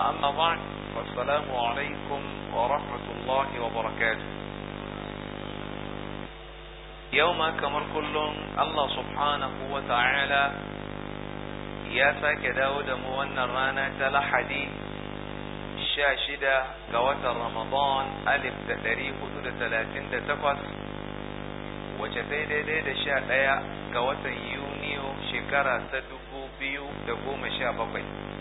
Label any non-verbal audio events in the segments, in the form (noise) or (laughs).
أما بعد والسلام عليكم ورحمة الله وبركاته يوم كمر كل الله سبحانه وتعالى يا فاك داود موانا رانا تلا حديث شاشدة قوات رمضان ألف تتاريخ ثلاثين تلاتين وشتي دي دي شاء يونيو شكرا تدفو بيو تقوم شابقين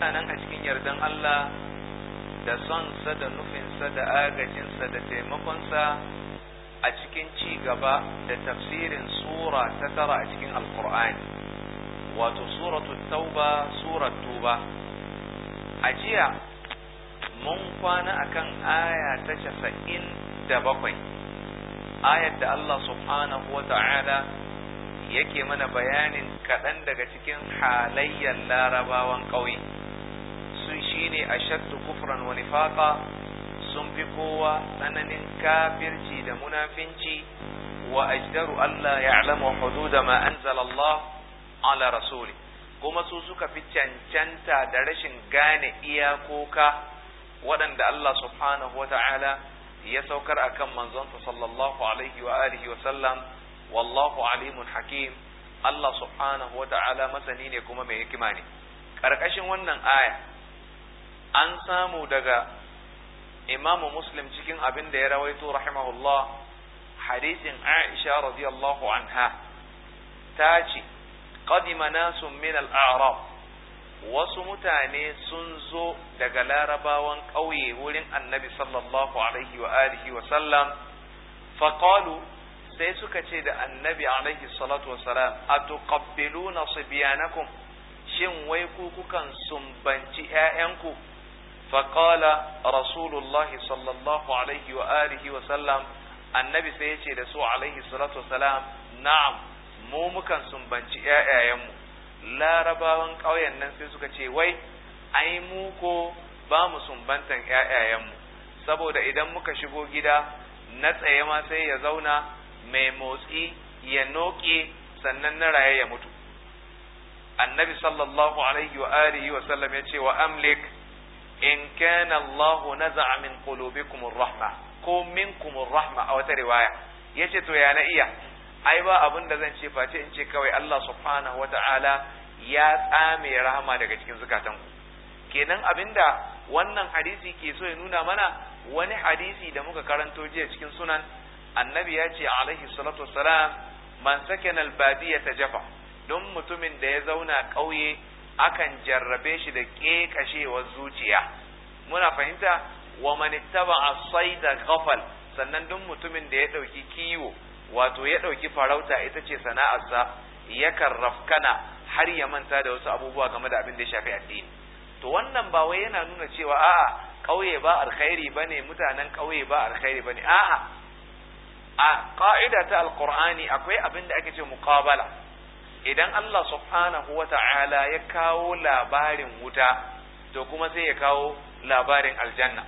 nan a cikin yardan Allah da sonsa da nufinsa da agajinsa da taimakonsa a cikin ci gaba da tafsirin sura ta tara a cikin alkur'ani wato suratu tauba sura tuba a jiya mun kwana akan aya ta casa'in da bakwai ayar da Allah subhanahu wa ta'ala yake mana bayanin kaɗan daga cikin halayyar larabawan ƙauye shine ashaddu kufran wa nifaqa sun fi kowa tsananin kafirci da munafinci wa ajdaru Allah ya'lamu hududa ma anzala Allah ala rasuli kuma su suka fi cancanta da rashin gane iyakoka waɗanda Allah subhanahu wata'ala ya saukar akan manzonsa sallallahu alaihi wa alihi wa sallam wallahu alimun hakim Allah subhanahu wata'ala masani ne kuma mai hikima ne ƙarƙashin wannan aya an samu daga imamu muslim cikin abin da ya rawaito rahimahullah hadisin aisha radiyallahu anha ta ce qadima nasu min al-a'rab wasu mutane sun zo daga larabawan ƙauye wurin annabi sallallahu alaihi wa alihi wa sallam faqalu sai suka ce da annabi alaihi salatu wa salam atuqabbiluna sibyanakum shin wai ku kukan sumbanci 'ya'yanku Faƙala رسول الله صلى الله عليه وآله annabi sai yace da su alaihi salatu wasalam na'am mu mukan sumbanci ƴaƴayenmu larabawan ƙauyen nan sai suka ce wai ai mu ko ba mu sumbantan ƴaƴayenmu saboda idan muka shigo gida na tsaye ma sai ya zauna mai motsi ya noke sannan na raye ya mutu annabi sallallahu alaihi wa wa sallam ya ce wa amlik in kana Allah naza'a min qulubikum ar-rahma ko minkum ar-rahma a wata riwaya yace to ya na iya ai ba abin da zan ce face in ce kawai Allah subhanahu wata'ala ya tsame rahama daga cikin zukatanku kenan abinda wannan hadisi ke so ya nuna mana wani hadisi da muka karanto jiya cikin sunan annabi ya ce alaihi salatu wassalam man sakana al-badiyata jafa don mutumin da ya zauna ƙauye akan jarrabe shi da ƙeƙashewar zuciya muna fahimta wa man ittaba'a sayda ghafal sannan duk mutumin da ya ɗauki kiwo wato ya ɗauki farauta ita ce sana'arsa yakan rafkana har ya manta da wasu abubuwa game da abin da ya shafi addini to wannan ba wai yana nuna cewa a'a ƙauye ba alkhairi bane mutanen ƙauye ba alkhairi bane a'a a ƙa'ida ta alqur'ani akwai abin da ake ce muqabala idan Allah subhanahu wa ta'ala ya kawo labarin wuta to kuma sai ya kawo labarin aljanna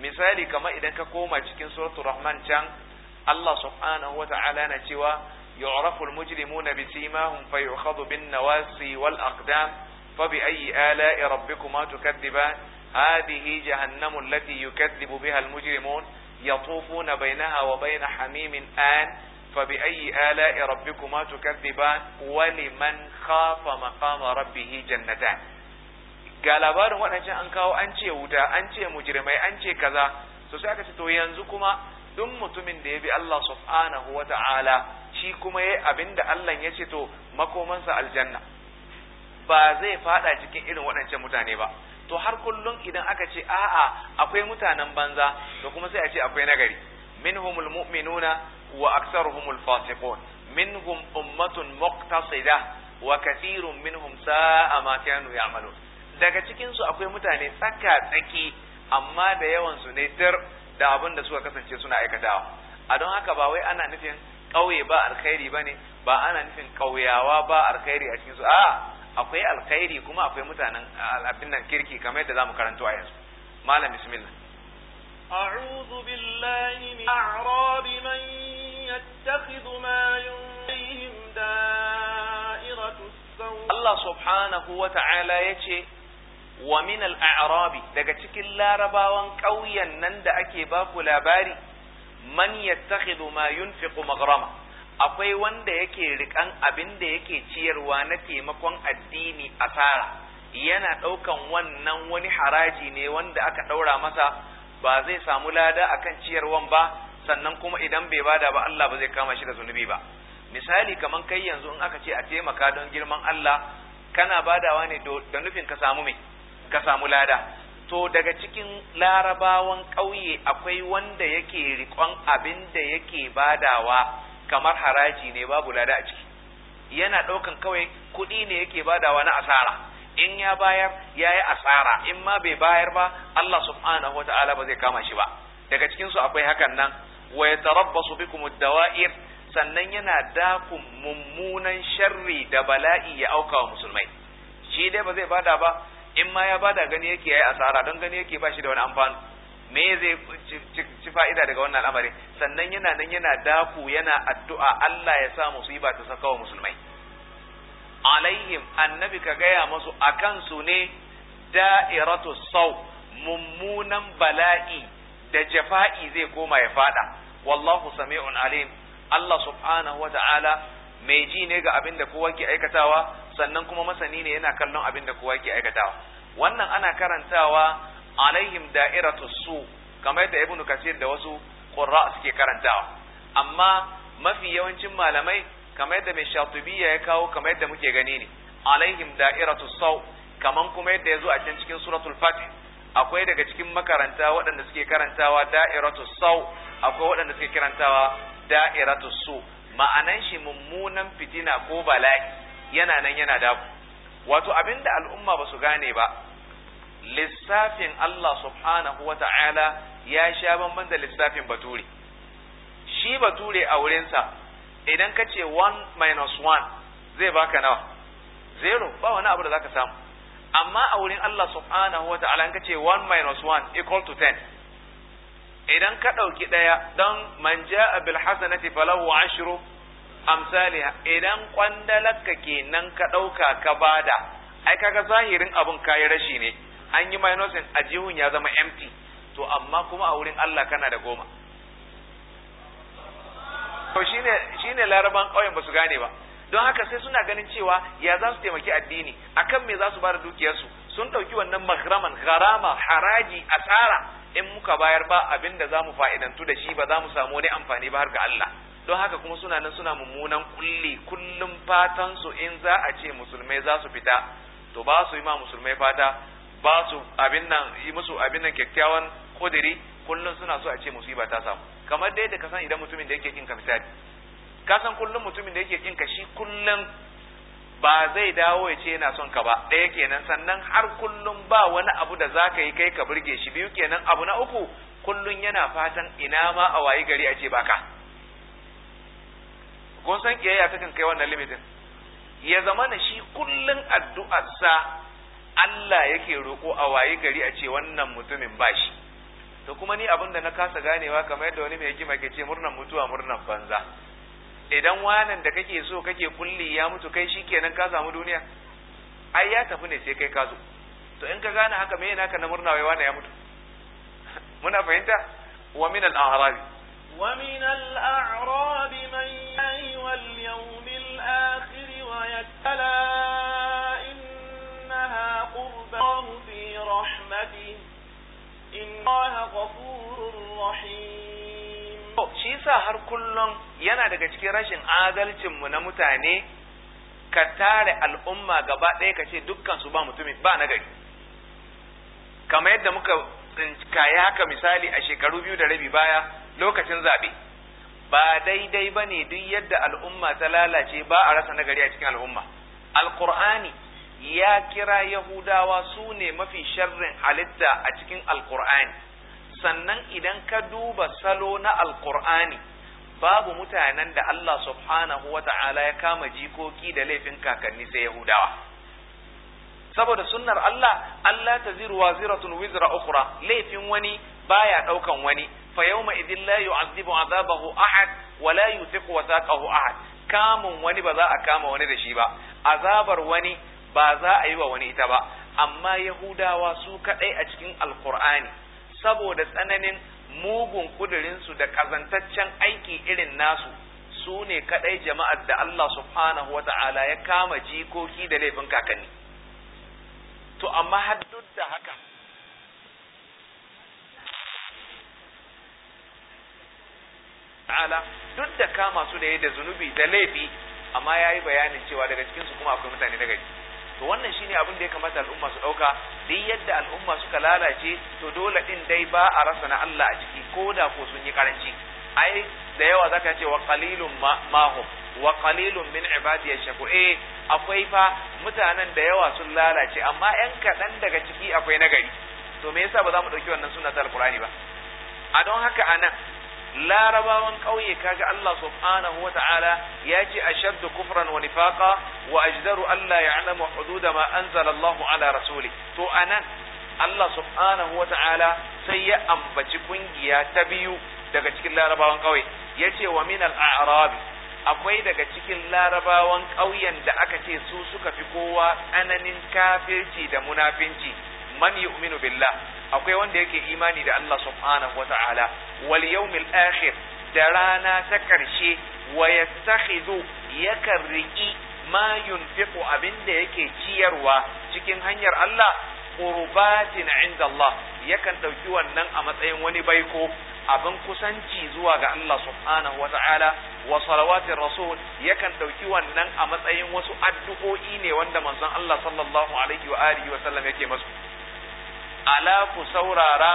misali kamar idan ka koma cikin suratul rahman can Allah subhanahu wa ta'ala na cewa yu'rafu al-mujrimuna bisimahum fayukhadhu bin nawasi wal aqdam fa bi ayyi ala'i rabbikuma tukadhiban hadhihi jahannamu allati yukadhibu biha al-mujrimun yatufuna bainaha wa bain hamimin an فبأي آلاء ربكما تكذبان ولمن خاف مقام ربه جنتان ga labarin waɗancan an kawo an ce wuta an ce mujrimai an ce kaza so sai aka ce to yanzu kuma duk mutumin da ya bi Allah subhanahu wa ta'ala shi kuma yayi abinda Allah ya ce to makomansa aljanna ba zai fada cikin irin waɗancan mutane ba to har kullum idan aka ce a'a akwai mutanen banza to kuma sai a ce akwai nagari minhumul mu'minuna wa aktsaruhumul fasiqun minhum ummatun muqtasida wa kathirun minhum sa'a ma daga cikin su akwai mutane tsaka tsaki amma da yawan su ne dar da abin da suka kasance suna aikatawa a don haka ba wai ana nufin ƙauye ba alkhairi ne? ba ana nufin ƙauyawa ba alkhairi a cikin su a akwai alkhairi kuma akwai mutanen abin nan kirki kamar yadda zamu karanto a yanzu malam bismillah أعوذ بالله من أعراب من wa. ما ينقيهم دائرة السوء الله سبحانه وتعالى يتي ومن الأعراب daga cikin larabawan ƙauyen nan da ake ba labari man yattakhidhu ma yunfiqu maghrama akwai wanda yake riƙan abinda da yake ciyarwa na taimakon addini asara yana ɗaukan wannan wani haraji ne wanda aka ɗaura masa ba zai samu lada akan ciyarwan ba sannan kuma idan bai bada ba Allah ba zai kama shi da zunubi ba misali kaman kai yanzu in aka ce a taimaka don girman Allah kana badawa ne da nufin ka samu me ka samu lada to daga cikin larabawan ƙauye akwai wanda yake riƙon abin da yake badawa kamar haraji ne babu lada a ciki yana ɗaukan kawai kuɗi ne yake badawa na asara in ya bayar ya yi asara in ma bai bayar ba Allah subhanahu wata'ala ba zai kama shi ba daga cikin su akwai hakan nan wa yatarabbasu bikum ad-dawa'ir sannan yana dakun mummunan sharri da bala'i ya auka wa musulmai shi dai ba zai bada ba in ma ya bada gani yake yayi asara don gani yake ba shi da wani amfani me zai ci fa'ida daga wannan al'amari sannan yana nan yana daku yana addu'a Allah ya sa musiba ta saka wa musulmai alaihim annabi ka gaya masu a kansu ne da'iratu sau mummunan bala'i da jafa'i zai koma ya fada wallahu sami'un alim Allah subhanahu wa ta'ala mai ji ne ga abin da kowa ke aikatawa sannan kuma masani ne yana kallon abin da kowa ke aikatawa wannan ana karantawa alaihim da'iratu su kamar yadda ibnu kasir da wasu qurra suke karantawa amma mafi yawancin malamai kamar yadda mai shatubiya ya kawo kamar yadda muke gani ne alaihim da'iratu saw kaman kuma yadda ya zo a can cikin suratul fatih akwai daga cikin makaranta waɗanda suke karantawa da'iratu saw akwai waɗanda suke karantawa da'iratu su ma'anan shi mummunan fitina ko bala'i yana nan yana da wato abinda al'umma ba su gane ba lissafin Allah subhanahu ta'ala ya sha bamban da lissafin bature shi bature a wurinsa idan ka ce 1 minus 1 zai baka nawa zero ba wani abu da zaka samu amma a wurin Allah subhanahu wa ta'ala in ka ce 1 minus 1 equal to 10 idan ka ɗauki ɗaya don man ja'a bil hasanati falahu ashru amsaliha idan ke kenan ka ɗauka ka bada ai kaga zahirin abun kayi rashi ne an yi minusin a jihun ya zama empty to amma kuma a wurin Allah kana da goma to shine shine laraban ƙauyen ba su gane ba don haka sai suna ganin cewa ya za su taimaki addini akan me za su bada dukiyarsu sun ɗauki wannan mahraman harama haraji asara in muka bayar ba abinda zamu fa'idantu da shi ba zamu samu wani amfani ba har ga Allah don haka kuma suna nan suna mummunan kulli kullum fatan su in za a ce musulmai za su fita to ba su yi ma musulmai fata ba su abin nan yi musu abin nan kyakkyawan kudiri kullum suna so a ce musiba ta samu kamar dai da ka san idan mutumin da yake kin ka misali ka san kullum mutumin da yake kin ka shi kullum ba zai dawo ya ce yana son ka ba ɗaya kenan sannan har kullum ba wani abu da zaka yi kai ka burge shi biyu kenan abu na uku kullum yana fatan ina ma a wayi gari a ce baka kun san kiyayya ta kai wannan limitin ya zama na shi kullum addu'arsa Allah yake roƙo a wayi gari a ce wannan mutumin ba shi to kuma ni abin da na kasa ganewa kamar yadda wani mai hikima ke ce murnan mutuwa murnan banza idan wanan da kake so kake kulli ya mutu kai shikenan ka samu duniya ai ya tafi ne sai kai ka zo to in ka gane haka me yana ka na murna wai wanan ya mutu (laughs) muna fahimta wa min al-a'rab wa min al-a'rab man ayyuha al-yawm al-akhir wa yatala innaha qurban fi rahmatihi inna shi sa har kullum yana daga cikin rashin adalcin mu na mutane ka tare al'umma gaba ɗaya ka ce dukkan su ba mutumin ba na gari kamar yadda muka tsinkaya haka misali a shekaru biyu da rabi baya lokacin zaɓe ba daidai ba ne duk yadda al'umma ta lalace ba a rasa nagari a cikin al'umma alƙur'ani ya kira yahudawa su ne mafi sharrin halitta a cikin alkur'ani sannan idan ka duba salo na Alƙur'ani, babu mutanen da Allah subhanahu wa ta'ala ya kama jikoki da laifin kakanni sai yahudawa saboda sunnar Allah Allah ta ziru ziratun wizra ukhra laifin wani baya ɗaukan wani fa yawma idin la yu'azzibu azabahu ahad wa la yuthiqu ahad kamun wani ba za a kama wani da shi ba azabar wani ba za a yi wa wani ita ba amma yahudawa su kadai a cikin alkur'ani saboda tsananin mugun kudurinsu da kazantaccen aiki irin nasu su ne kadai jama'ar da Allah subhanahu wa ya kama jikoki da laifin kakanni to amma har duk da haka ta'ala duk da kama su da da zunubi da laifi amma ya bayanin cewa daga cikinsu kuma akwai mutane na gari to wannan shine abin da ya kamata al'umma su dauka duk yadda al'umma suka lalace to dole din dai ba a rasa na Allah a ciki ko da ko sun yi karanci ai da yawa zaka ce wa qalilun ma wa qalilun min ibadiyash shaku. eh akwai fa mutanen da yawa sun lalace amma yan kaɗan daga ciki akwai nagari to me yasa ba za mu ɗauki wannan sunna ba a don haka anan larabawan ƙauye kaga Allah subhanahu wa ta'ala ya ce ashaddu kufran wa nifaqa wa ajdaru Allah ya'lamu hududa ma anzala ala rasuli to a nan, Allah subhanahu wa ta'ala sai ya ambaci kungiya ta biyu daga cikin larabawan ƙauye ya ce wa min al'arabi akwai daga cikin larabawan ƙauyen da aka ce su suka fi kowa tsananin kafirci da munafinci man yu'minu billah akwai wanda yake imani da Allah subhanahu wata'ala wal yawmil akhir da rana ta karshe wa yattakhidhu yakan riki ma yunfiqu abinda yake ciyarwa cikin hanyar Allah qurbatin inda Allah yakan dauki wannan a matsayin wani baiko abin kusanci zuwa ga Allah subhanahu wa ta'ala wa salawatin rasul yakan ɗauki wannan a matsayin wasu addu'o'i ne wanda manzon Allah sallallahu alaihi wa alihi wa sallam yake masu ala ku saurara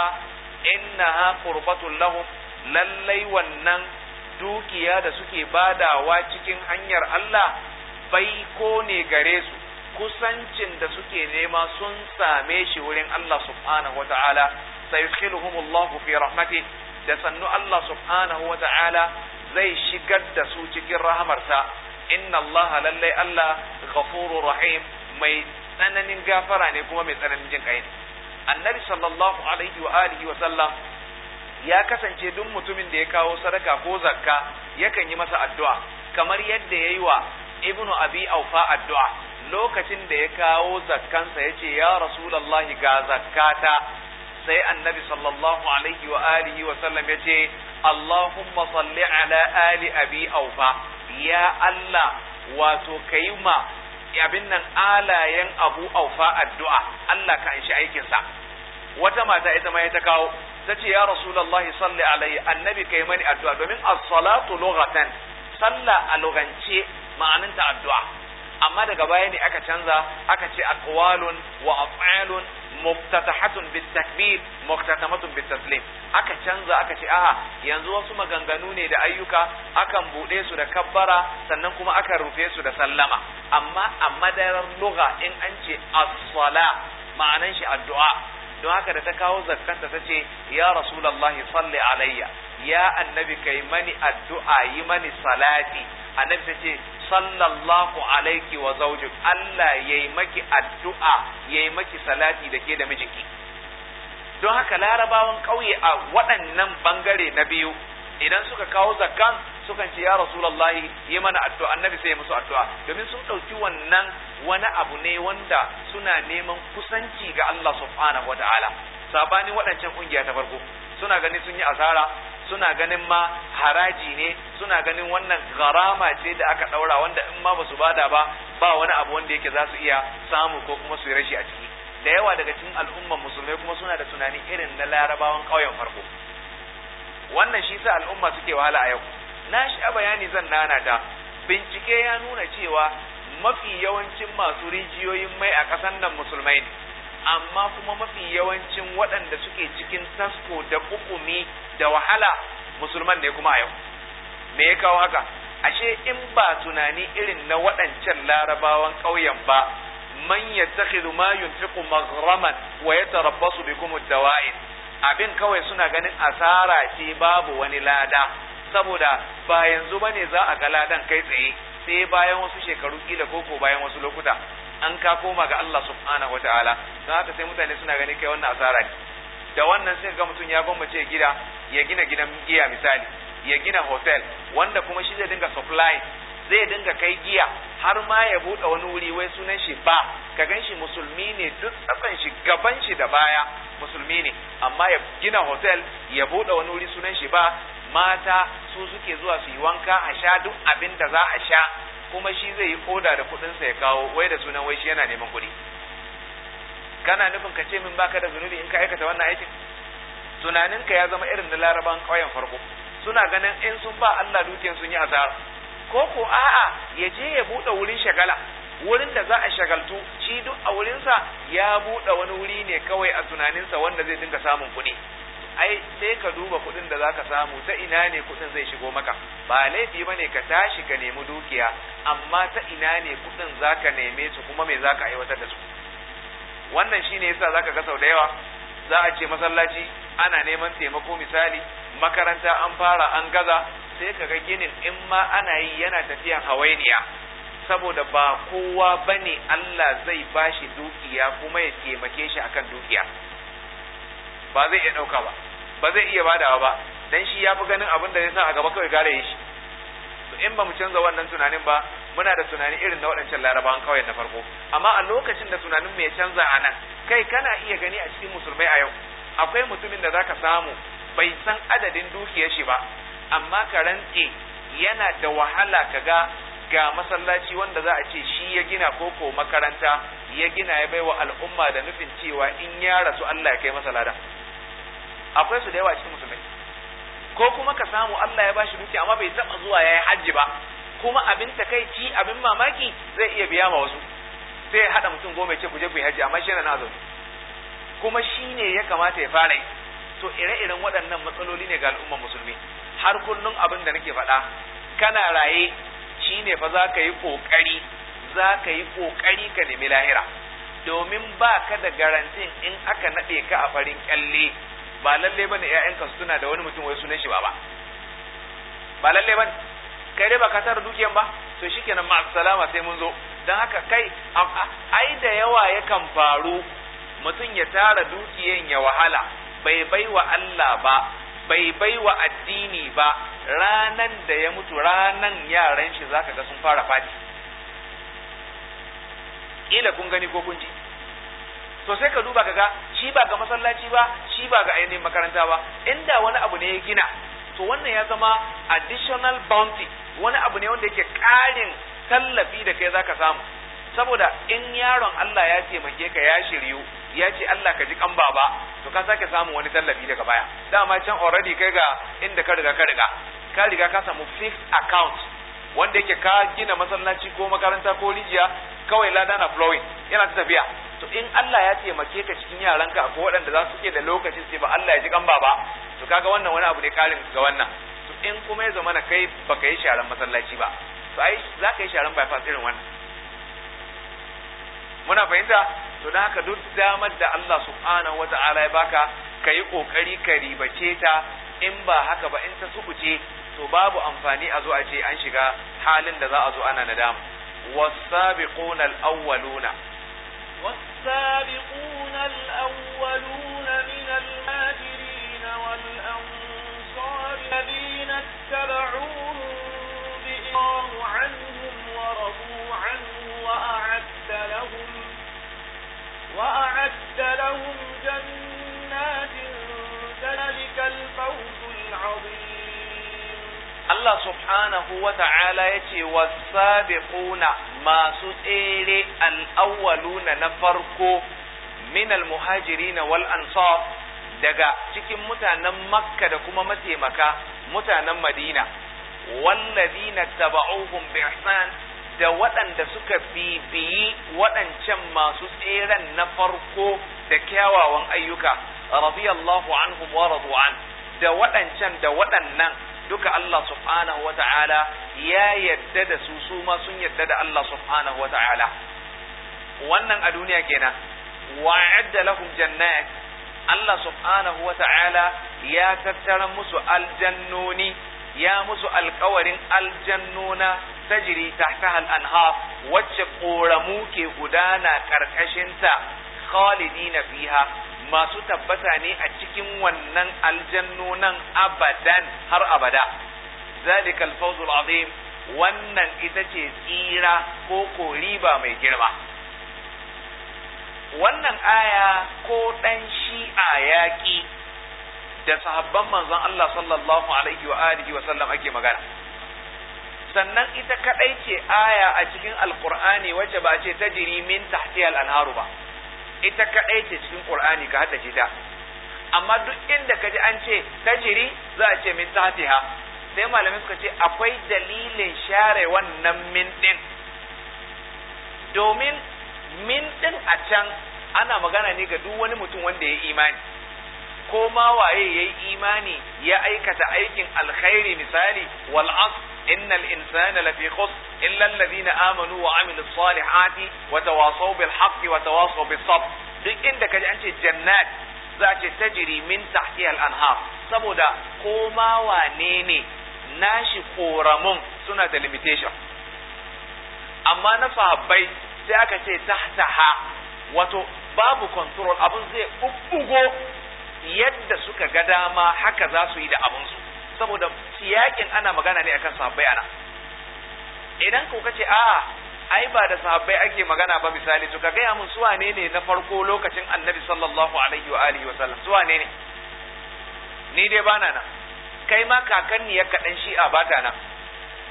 innaha qurbatul lahum lallai wannan dukiya da suke badawa cikin hanyar Allah bai ko ne gare su kusancin da suke nema sun same shi wurin Allah subhanahu wata'ala sayudkhiluhumullahu fi rahmati da sannu Allah subhanahu ta'ala, zai shigar da su cikin rahamarsa inna Allah lallai Allah ghafurur rahim mai tsananin gafara ne kuma mai tsananin jin kai annabi sallallahu alaihi wa alihi wa sallam ya kasance duk mutumin da ya kawo sadaka ko zakka yakan yi masa addu'a kamar yadda ya yi wa ibnu abi aufa addu'a lokacin da ya kawo zakkansa ya ce ya rasulallahi ga zakkata sai annabi sallallahu alaihi wa alihi wa sallam ya ce allahumma salli ala ali abi aufa ya allah wato kai ma abin nan alayen abu aufa addu'a Allah ka anshi aikinsa wata mata ita ma ta kawo ta ce ya rasulullah salli alayhi annabi kai mani addu'a domin as-salatu lughatan salla a lugance ma'aninta addu'a amma daga baya ne aka canza aka ce aqwalun wa af'alun muftatahatun bitakbir muftatamatun bitaslim aka canza aka ce aha yanzu wasu maganganu ne da ayyuka akan bude su da kabbara sannan kuma aka rufe su da sallama amma a madarar lugha in an ce as-sala ma'anan shi addu'a don haka da ta kawo zakkanta ta ce ya rasulullahi salli alayya ya annabi kai mani addu'a yi mani salati annabi ta ce sallallahu alaiki wa zaujuk Allah yayi maki addu'a yayi maki salati da ke da mijinki don haka larabawan ƙauye a waɗannan bangare na biyu idan suka kawo zakkan sukan ce ya rasulullahi yi mana addu'a annabi sai musu addu'a domin sun ɗauki wannan wani abu ne wanda suna neman kusanci ga Allah subhanahu wataala sabani waɗancan ƙungiya ta farko suna ganin sun yi asara suna ganin ma haraji ne suna ganin wannan garama ce da aka daura wanda in ma basu bada ba ba wani abu wanda yake zasu iya samu ko kuma su yi rashi a ciki da yawa daga cikin al'umman musulmai kuma suna da tunani irin na larabawan ƙauyen farko wannan shi sa al'umma suke wahala a yau na shi a bayani zan nana ta bincike ya nuna cewa mafi yawancin masu rijiyoyin mai a ƙasan nan musulmai ne amma kuma mafi yawancin waɗanda suke cikin tasko da ƙuƙumi da wahala musulman ne kuma yau me ya kawo haka ashe in ba tunani irin na waɗancan larabawan ƙauyen ba man yattakhidhu ma yunfiqu maghraman wa yatarabbasu bikum ad-dawa'in abin kawai suna ganin asara ce babu wani lada saboda ba yanzu bane za a ga ladan kai tsaye sai bayan wasu shekaru kila koko bayan wasu lokuta an ka koma ga Allah subhanahu wataala don haka sai mutane suna gani kai wannan asara ne da wannan sai ga mutum ya gwammace gida ya gina gidan giya misali ya gina hotel wanda kuma shi zai dinga supply zai dinga kai giya har ma ya buɗe wani wuri wai sunan shi ba ka gan shi musulmi ne duk tsakan shi gaban shi da baya musulmi ne amma ya gina hotel ya buɗe wani wuri sunan shi ba mata su suke zuwa su yi wanka a sha duk abin da za a sha kuma shi zai yi koda da sa ya kawo wai da sunan wai shi yana neman kuɗi kana nufin ka ce min baka da zunubi in ka aikata wannan aikin tunaninka ya zama irin da laraban ƙauyen farko suna ganin in sun ba Allah dukiyar sun yi asara ko ko a'a ya je ya buɗe wurin shagala wurin da za a shagaltu shi duk a wurinsa ya buɗe wani wuri ne kawai a tunaninsa wanda zai dinga samun kuɗi ai sai ka duba kuɗin da zaka samu ta ina ne kuɗin zai shigo maka ba laifi bane ka tashi ka nemi dukiya amma ta ina ne kuɗin zaka neme su kuma me zaka aiwatar da su wannan shine yasa zaka ga sau da yawa za a ce masallaci ana neman taimako misali makaranta an fara an gaza sai ka ga ginin in ma ana yi yana tafiyan hawainiya saboda ba kowa bane Allah zai bashi dukiya kuma ya taimake shi akan dukiya ba zai iya ɗauka ba ba zai iya badawa ba dan shi ya fi ganin abin da ya sa a gaba kawai gare shi to in ba mu canza wannan tunanin ba muna da tunani irin na waɗancan larabawan kawai na farko amma a lokacin da tunanin ya canza a kai kana iya gani a cikin musulmai a yau akwai mutumin da zaka samu bai san adadin dukiyar shi ba amma ka yana da wahala ka ga ga masallaci wanda za a ce shi ya gina koko makaranta ya gina ya baiwa al'umma da nufin cewa in ya rasu Allah ya kai masa lada akwai su da yawa cikin musulmai ko kuma ka samu Allah ya bashi dukiya amma bai taba zuwa yayi hajji ba kuma abin takaici abin mamaki zai iya biya ma wasu sai ya hada mutum goma ya ce ku je ku yi amma shi na azumi kuma shi ne ya kamata ya fara yi to ire-iren waɗannan matsaloli ne ga al'ummar musulmi har kullum abin da nake faɗa kana raye shi ne fa za ka yi ƙoƙari za ka yi ƙoƙari ka nemi lahira domin ba ka da garantin in aka naɗe ka a farin kyalle ba lalle bane ƴaƴanka su suna da wani mutum wai sunan shi ba ba Ba lalle bane kai dai ba ka tara dukiyan ba to shikenan ma salama sai mun zo dan haka kai ai da yawa yakan faru mutum ya tara dukiyan ya wahala bai bai wa Allah ba bai bai wa addini ba ranan da ya mutu ranan yaran shi zaka ga sun fara fadi ila kun gani ko kun ji to sai ka duba kaga shi ba ga masallaci ba shi ba ga ainihin makaranta ba inda wani abu ne ya gina to wannan ya zama additional bounty wani abu ne wanda yake ƙarin tallafi da kai zaka samu saboda in yaron Allah ya taimake ka ya shiryu ya ce Allah ka ji kan baba to ka sake samu wani tallafi daga baya dama can already kai ga inda ka riga ka riga ka riga ka samu fixed account wanda yake ka gina masallaci ko makaranta ko rijiya kawai ladana na flowing yana ta tafiya to in Allah ya taimake ka cikin yaranka akwai waɗanda za su ke da lokaci sai ba Allah ya ji kan baba to kaga wannan wani abu ne karin ga wannan to in kuma ya zama na kai baka yi sharan masallaci ba to ai za ka yi sharan bypass irin wannan muna fahimta to don haka duk damar da Allah subhanahu wata'ala ya baka ka yi kokari ka ribace ta in ba haka ba in ta sukuce to babu amfani a zo a ce an shiga halin da za a zo ana nadama والسابقون awwaluna السابقون الأولون من المهاجرين والأنصار الذين اتبعوهم Allah subhanahu wa ta'ala ya ce wasabiquna masu tsere al'awwaluna na farko minal muhajirina wal ansar daga cikin mutanen makka da kuma mataimaka mutanen madina wallazina na bi ihsan da waɗanda suka bibiyi waɗancan masu tseren na farko da kyawawan ayyuka Rabi anhum wa an da waɗancan da waɗannan duka Allah subhanahu wa ta'ala ya yadda da su su ma sun yadda da Allah subhanahu wa ta'ala wannan a duniya kenan wa'adda lahum jannat Allah subhanahu wa ta'ala ya tattara musu aljannoni ya musu alkawarin aljannona tajri tahtaha al anha wacce ƙoramu ke gudana ƙarƙashinta khalidina fiha masu tabbata ne a cikin wannan aljannunan abadan har abada zalika alfawzul azim wannan ita ce tsira ko koriba mai girma wannan aya ko dan shi'a yaƙi da sahabban manzon Allah sallallahu alaihi wa alihi wa sallam ake magana sannan ita kadai ce aya a cikin alqur'ani wacce ba ce ta min tahtiha al-anharu ba ita kaɗai ce cikin qur'ani ka hada ta amma duk inda ka ji an ce tajiri za a ce min tahtiha sai malamin suka ce akwai dalilin share wannan min din domin min din a can ana magana ne ga duk wani mutum wanda ya yi imani Koma ma waye yayi imani ya aikata aikin alkhairi misali wal asr innal insana lafi khusr illa alladhina amanu wa amilus salihati wa tawasaw bil haqqi wa tawasaw bis sabr duk inda kaji an ce jannat za ce tajri min tahtiha al saboda ko ma ne nashi ƙoramun suna da limitation amma na sahabbai sai aka ce tahtaha wato babu control abun zai bubbugo yadda suka ga dama haka za su yi da abinsu saboda siyakin ana magana ne akan sahabbai ana idan ku kace a ai ba da sahabbai ake magana ba misali to ka gaya mun su wane ne na farko lokacin annabi sallallahu alaihi wa alihi wa sallam su wane ne ni dai bana nan kai ma kakan ni ya kaɗan shi'a ba bata nan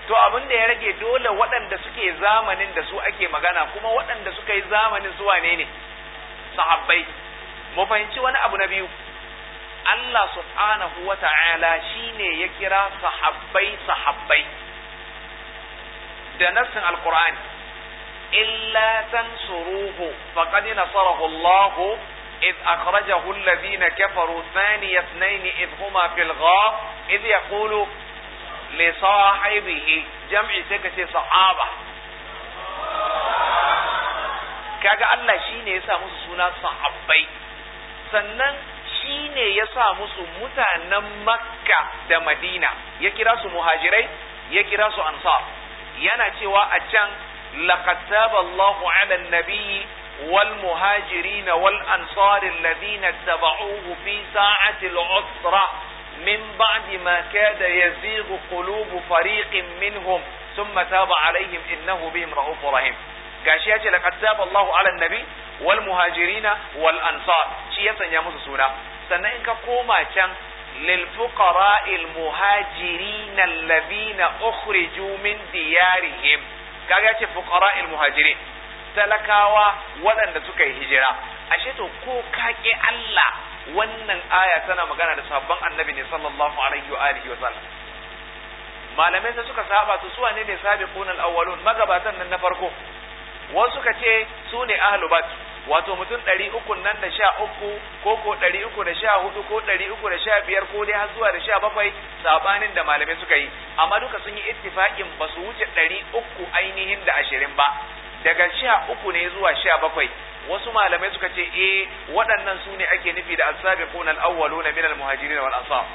to abin da ya rage dole waɗanda suke zamanin da su ake magana kuma waɗanda suka yi zamanin su wane ne sahabbai mu fahimci wani abu na biyu Allah subhanahu wa ta'ala shine ya kira sahabbai sahabbai da nassin alqur'ani illa tansuruhu faqad nasarahu Allah إذ أخرجه الذين كفروا ثاني اثنين إذ هما في الغار إذ يقول لصاحبه جمع سكة صحابة kaga Allah shine ya sa musu suna sahabbai sannan shine ne ya sa musu mutanen makka da madina ya kira su muhajirai ya kira su ansar yana cewa a can laqad taballahu ala nabi wal muhajirina wal ansar alladhina tabauhu fi sa'ati al-usra min ba'di ma kada yazighu qulubu fariqin minhum thumma taba alaihim innahu bihim ra'ufur rahim gashi ya ce laqad taba Allahu ala nabi wal muhajirina wal ansar shi ya sanya musu suna sannan in ka koma can lil fuqara'il muhajirina alladhina ukhriju min diyarihim kaga ya ce fuqara'il muhajirin talakawa waɗanda suka yi hijira ashe to ko kake Allah wannan aya tana magana da sabon annabi ne sallallahu alaihi wa alihi wa sallam malamai sai suka saba su suwa ne ne sabiqun al-awwalun magabatan nan na farko wasu ka ce su ne ahlu bat wato mutum ɗari uku nan da sha uku ko ko ɗari uku da sha hudu ko ɗari uku da sha biyar ko dai har zuwa da sha bakwai sabanin da malamai suka yi amma duka sun yi ittifaƙin ba su wuce ɗari uku ainihin da ashirin ba daga sha uku ne zuwa sha bakwai wasu malamai suka ce eh waɗannan su ne ake nufi da as-sabiquna al na minal al-muhajirin wal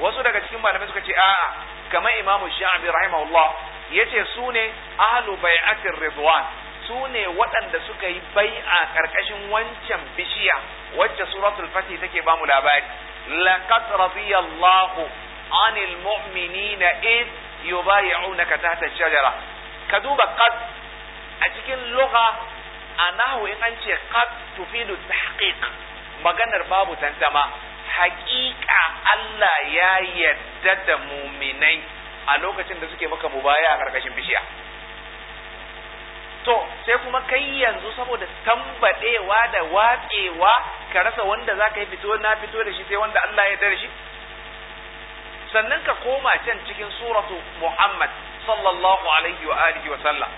wasu daga cikin malamai suka ce a'a kamar imamu shafi rahimahullah yace su ne ahlu bai'atin ridwan su ne waɗanda suka yi bai a ƙarƙashin wancan bishiya wacce suratul fatih take ba mu labari laqad radiyallahu anil mu'minina id yubayi'unaka tahta shajara ka duba qad a cikin lugha Anahu in an ce qad tufidu tahqiq maganar babu tantama haƙiƙa Allah ya yadda da muminai a lokacin da suke maka mubaya a ƙarƙashin bishiya to sai kuma kai yanzu saboda tambadewa da watsewa ka rasa wanda za ka yi fito na fito da shi sai wanda Allah ya dare shi sannan ka koma can cikin suratu Muhammad sallallahu alaihi wa alihi wa sallam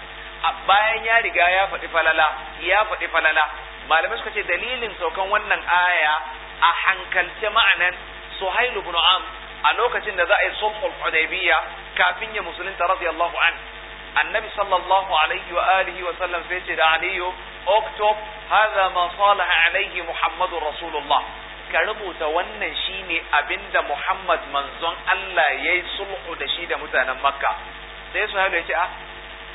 bayan ya riga ya faɗi falala ya faɗi falala malamai suka ce dalilin saukan wannan aya a hankalce ma'anan suhailu ibn Am a lokacin da za a yi sulhul Hudaybiyya kafin ya musulunta radiyallahu anhu annabi sallallahu alaihi wa alihi wa sallam sai ce da aliyu oktob hadha ma salaha alaihi muhammadu rasulullah ka rubuta wannan shine abinda muhammad manzon Allah yayi sulhu da shi da mutanen makka sai su ya ce a ah,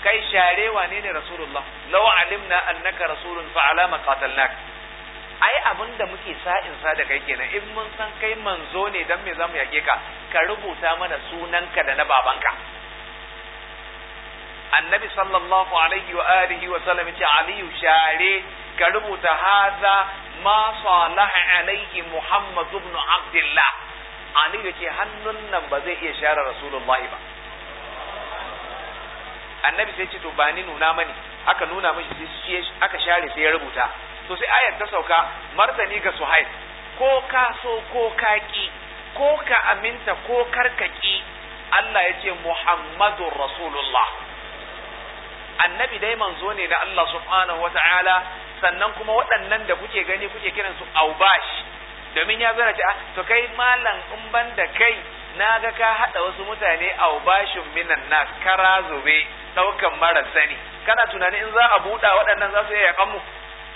kai share wane ne rasulullah law alimna annaka rasulun fa alama qatalnak ai abin da muke sa'in sa da kai kenan in mun san kai manzo ne dan me zamu yake ka ka rubuta mana sunanka da na babanka annabi sallallahu alaihi wa alihi wa sallam ce aliyu share ka rubuta haza ma salaha alaihi muhammad ibn abdullah aliyu ce hannun nan ba zai iya share rasulullahi ba annabi sai ce to ba ni nuna mani aka nuna mishi aka share sai ya rubuta to sai ayar ta sauka martani ga suhaib ko ka so ko ka ki ko ka aminta ko karkaki Allah ya ce Muhammadun Rasulullah annabi dai manzo ne da Allah subhanahu ta'ala sannan kuma waɗannan da kuke gani kuke kiran su aubash domin ya zara ce to kai malam in ban da kai na ga ka haɗa wasu mutane aubashin minan na kara zobe ɗaukan mara sani kana tunanin in za a buɗa waɗannan za su iya yakan mu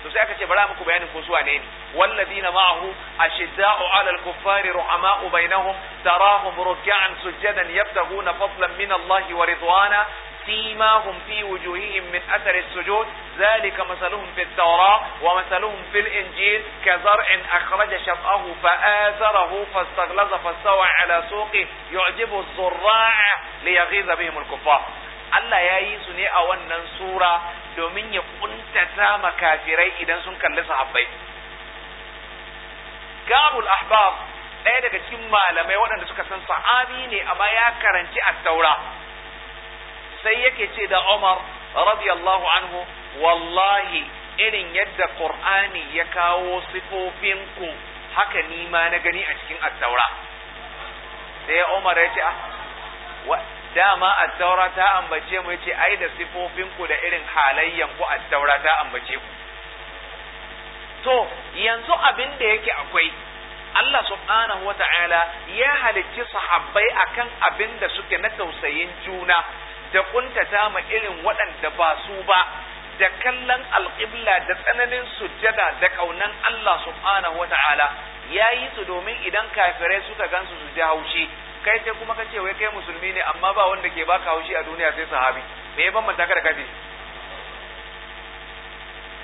to sai aka ce bara muku bayanin ko su wane ne walladina ma'ahu ashidda'u 'alal kuffari ruhama'u bainahum tarahum ruk'an sujadan yabtaghuna fadlan min Allah wa ridwana هم في وجوههم من أثر السجود ذلك مثلهم في التوراة ومثلهم في الإنجيل كزرع أخرج شطأه فآثره فاستغلظ فاستوى على سوقه يعجب الزراع ليغيظ بهم الكفار الله يا يسون يا أولا سورة دومين يقنت تام كافري إذا سن كان لسا عبي قابوا الأحباب ɗaya daga cikin malamai waɗanda suka san sa'abi ne a baya karanci a taura sai yake ce da Umar radiyallahu anhu wallahi irin yadda Qur'ani ya kawo sifofinku haka ni ma na gani a cikin addaura. sai Umar ya ce ah, dama addaura ta ambace mu yace ai da sifofinku da irin halayyan ku ta ambace ku to yanzu abin da yake akwai Allah subhanahu wa ta'ala ya halicci sahabbai akan abin da suke na tausayin juna da kuntata ma irin waɗanda ba su ba da kallon alƙibla da tsananin sujjada da ƙaunan Allah subhanahu wa ta'ala ya yi su domin idan kafirai suka gansu su ji haushi kai sai kuma ka ce wai kai musulmi ne amma ba wanda ke baka haushi a duniya sai sahabi me ya banbanta ka da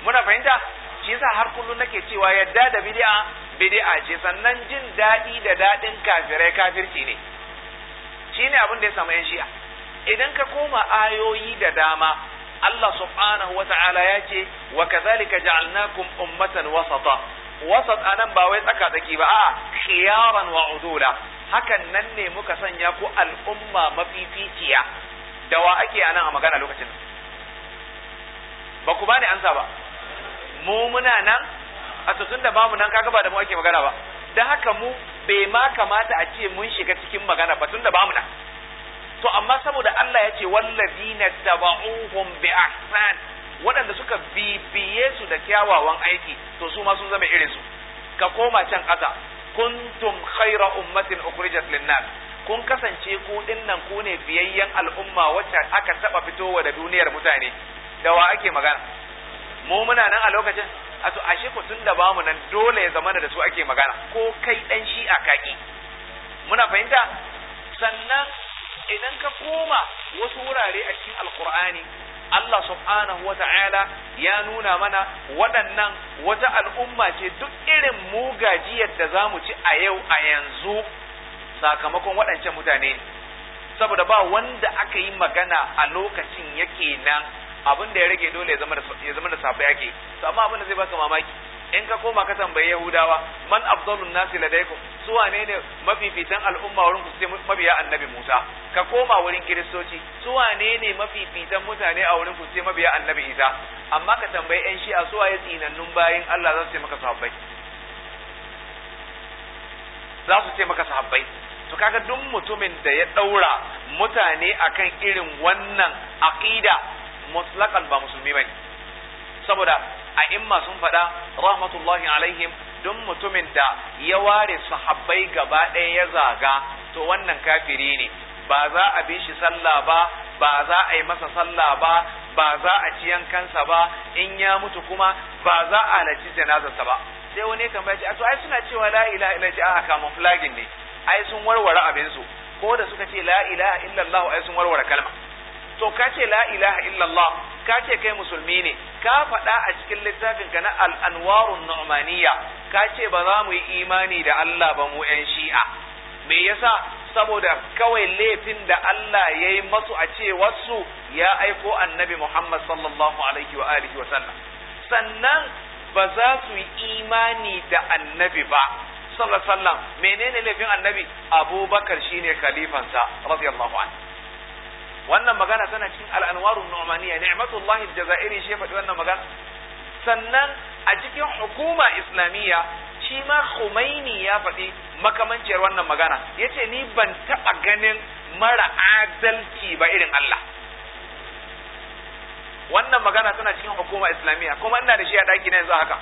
muna fahimta shi yasa har kullum nake cewa yadda da bid'a bid'a ce sannan jin daɗi da daɗin kafirai kafirci ne shine abin da ya samu yan shi'a idan ka koma ayoyi da dama Allah subhanahu wa ta'ala ya ce wa kadhalika ja'alnakum ummatan wasata wasat anan ba wai tsaka tsaki ba a'a khiyaran wa udula hakan nan ne muka sanya ku al'umma mafificiya da wa ake anan a magana lokacin ba ku bani ansa ba mu muna nan a tutun da bamu nan kaga ba da mu ake magana ba dan haka mu bai ma kamata a ce mun shiga cikin magana ba tun da bamu nan to amma saboda Allah ya ce wallazina tabauhum bi ahsan waɗanda suka bibiye su da kyawawan aiki to su ma sun zama irin su ka koma can ƙasa kuntum khaira ummatin ukhrijat linnas kun kasance ku nan ku ne biyayyen al'umma wacce aka taba fitowa da duniyar mutane da wa ake magana mu muna nan a lokacin a to ashe ku tunda mu nan dole ya zama da su ake magana ko kai dan shi'a kaki muna fahimta sannan idan ka koma wasu wurare a cikin alkur'ani Allah subhanahu wa ya nuna mana waɗannan wata al'umma ce duk irin mugajiyar da za mu ci a yau a yanzu sakamakon waɗancan mutane saboda ba wanda aka yi magana a lokacin yake nan abin da ya rage dole ya zama da safe yake to amma abin da zai baka mamaki in ka koma ka tambayi yahudawa man afdalun nasi ladaikum su wane ne mafifitan al'umma wurin ku sai mabiya annabi Musa ka koma wurin kiristoci su wane ne mafifitan mutane a wurin ku sai mabiya annabi Isa amma ka tambayi yan shi'a su waye tsinannun bayin Allah za su ce maka sahabbai za su ce maka sahabbai to kaga duk mutumin da ya daura mutane akan irin wannan aqida mutlaqan ba musulmi bane saboda a imma sun faɗa rahmatullahi alaihim duk mutumin da ya ware sahabbai gaba ɗaya ya zaga to wannan kafiri ne ba za a bi shi sallah ba ba za a yi masa sallah ba ba za a ci yankansa ba in ya mutu kuma ba za a halarci janazarsa ba sai wani kan bai a to ai suna cewa la ilaha illa ce a camouflaging ne ai sun warware abin su ko da suka ce la ilaha illallah ai sun warware kalma to ka ce la ilaha illallah ka ce kai musulmi ne ka faɗa a cikin littafin ka na al'anwarun anwarun nu'maniya ka ce ba za mu yi imani da Allah ba mu yan shi'a me yasa saboda kawai laifin da Allah ya yi masu a ce wasu ya aiko annabi Muhammad sallallahu alaihi wa alihi wa sallam sannan ba za su yi imani da annabi ba sallallahu alaihi wa sallam menene laifin annabi abubakar shine khalifansa radiyallahu anhu wannan magana tana cikin al'anwarun nu'maniya ni'matullahi aljazairi shi faɗi wannan magana sannan a cikin hukuma islamiyya shi ma Khomeini ya faɗi makamanciyar wannan magana yace ni ban taɓa ganin mara adalci ba irin Allah wannan magana tana cikin hukuma islamiyya kuma ina da shi a ɗaki na yanzu haka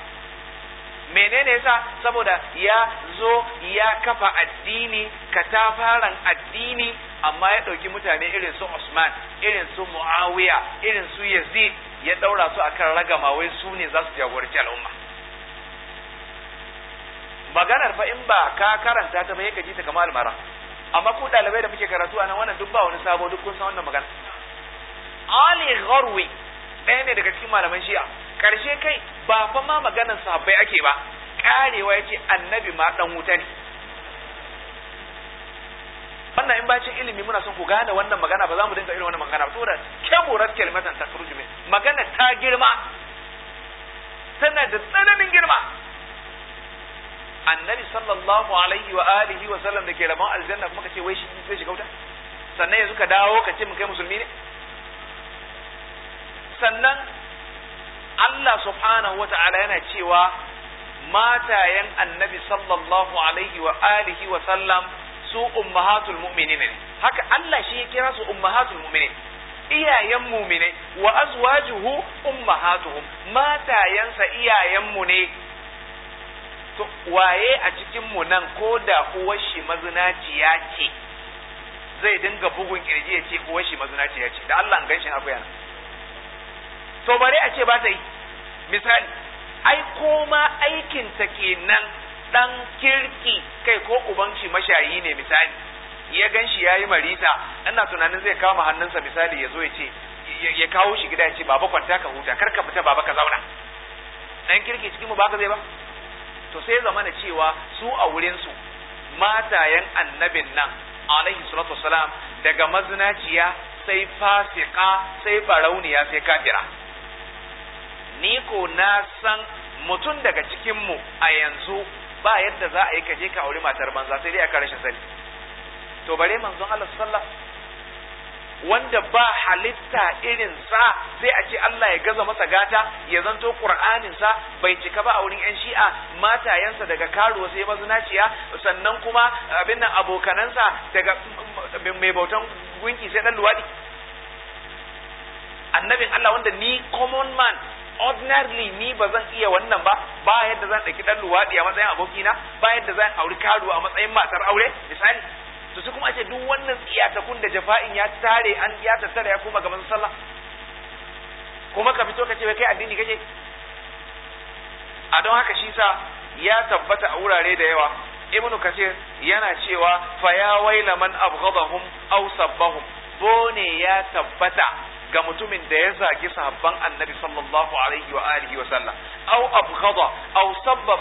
menene yasa saboda ya zo ya kafa addini katafaren addini amma ya ɗauki mutane irin su Usman irin su Muawiya irin su Yazid ya ɗaura su akan ragama wai su ne za su jagoranci al'umma maganar fa in ba ka karanta ta ba ka ji ta kamar almara amma ku ɗalibai da muke karatu a nan wannan duk ba wani sabo duk kun san wannan magana Ali Gharwi ɗaya ne daga cikin malaman Shi'a karshe kai ba fa ma maganar sahabbai ake ba karewa yace annabi ma dan wuta ne wannan in bacin ilimi muna son ku gane wannan magana ba za mu dinga irin wannan magana ba saboda keburar kalmatan ta furju min magana ta girma tana da tsananin girma annabi sallallahu alaihi wa alihi wa sallam da ke rabon aljanna kuma kace wai shi zai shiga wuta sannan yanzu ka dawo ka ce mun kai musulmi ne sannan Allah subhanahu wata'ala yana cewa matayen annabi sallallahu alaihi wa alihi wa sallam su ummahatul mu'minin haka Allah shi ya kira su ummahatul mu'minin iyayen mu'mine wa azwajuhu ummahatuhum matayansa iyayen mu ne to waye a cikin mu nan ko da uwar shi mazinaciya ce zai dinga bugun kirji ya ce uwar shi mazinaciya ce da Allah an ganshin akwai yana to bare a ce ba ta yi misali ai koma aikin ta kenan ɗan kirki kai ko ubanci mashayi ne misali ya gan shi ya yi marisa ina tunanin zai kama hannunsa misali ya zo ya ce ya kawo shi gida ya ce baba kwanta ka huta kar ka fita baba ka zauna ɗan kirki cikin mu ba ka zai ba to sai zama na cewa su a wurinsu matayen annabin nan alaihi salatu wassalam daga mazinaciya sai fasika sai barauniya sai kafira ni ko na san mutum daga cikinmu a yanzu ba yadda za a yi ka je ka auri matar banza sai dai aka rashin sani to bare manzon Allah sallallahu wanda ba halitta irin sa sai a ce Allah ya gaza masa gata ya zanto Qur'anin sa bai cika ba a wurin yan Shi'a matayensa daga karo sai mazinaciya sannan kuma abin nan abokanansa daga mai bautan gunki sai dan luwadi annabin Allah wanda ni common man ordinarily ni ba zan iya wannan ba ba yadda zan ɗauki ɗan luwaɗi a matsayin abokina ba yadda zan auri karuwa a matsayin matar aure misali to su kuma ce duk wannan tsiyatakun da jafa'in ya tare an ya tattara ya koma gaban sallah kuma ka fito ka ce kai addini kake a don haka shi sa ya tabbata a wurare da yawa ibnu kasir yana cewa fa ya waila man abghadahum aw sabbahum bone ya tabbata ga mutumin da ya zagi sahabban annabi sallallahu alaihi wa alihi wa sallam aw abghada aw sabba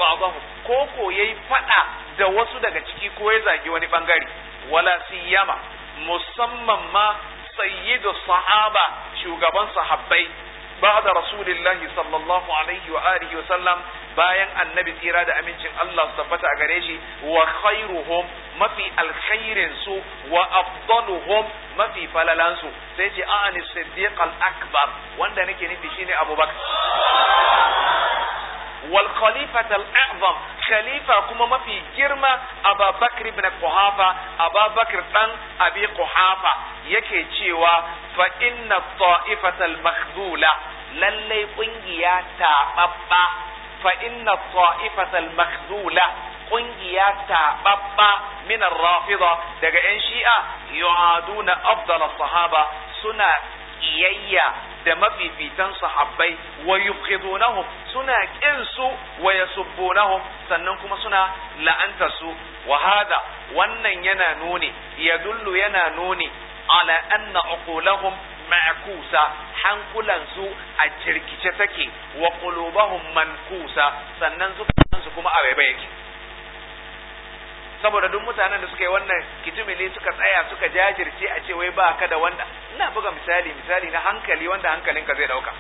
ko ko yayi fada da wasu daga ciki ko ya zagi wani bangare wala siyama musamman ma sayyidu sahaba shugaban sahabbai ba'da rasulillahi sallallahu alaihi wa alihi wa sallam bayan annabi tsira da amincin Allah tabbata a gare shi wa mafi alkhairin su wa afdaluhum mafi falalansu, su sai ce a ani siddiq al akbar wanda nake nufi shine abubakar wal khalifatal al-a'zam khalifa kuma mafi girma Abubakar ibn Quhafa Abubakar dan Abi Quhafa yake cewa fa inna ta'ifata al-makhdhula lalle kungiya taɓaɓɓa fa inna ta'ifata al-makhdhula kungiya taɓaɓɓa min ar daga yan shi'a yu'aduna afdal sahaba suna kiyayya da mafifitan sahabbai wa yubghidunahum suna kin su wa yasubbunahum sannan kuma suna la'anta su wa hada wannan yana nuni yadullu yana nuni ala anna uqulahum ma'kusa hankulan su a jirkice take wa qulubahum mankusa sannan zukatansu kuma a baibaye yake saboda duk mutanen da suka yi wannan kitimili suka tsaya suka jajirce a ce wai ba ka da wanda ina buga misali misali na hankali wanda hankalinka zai dauka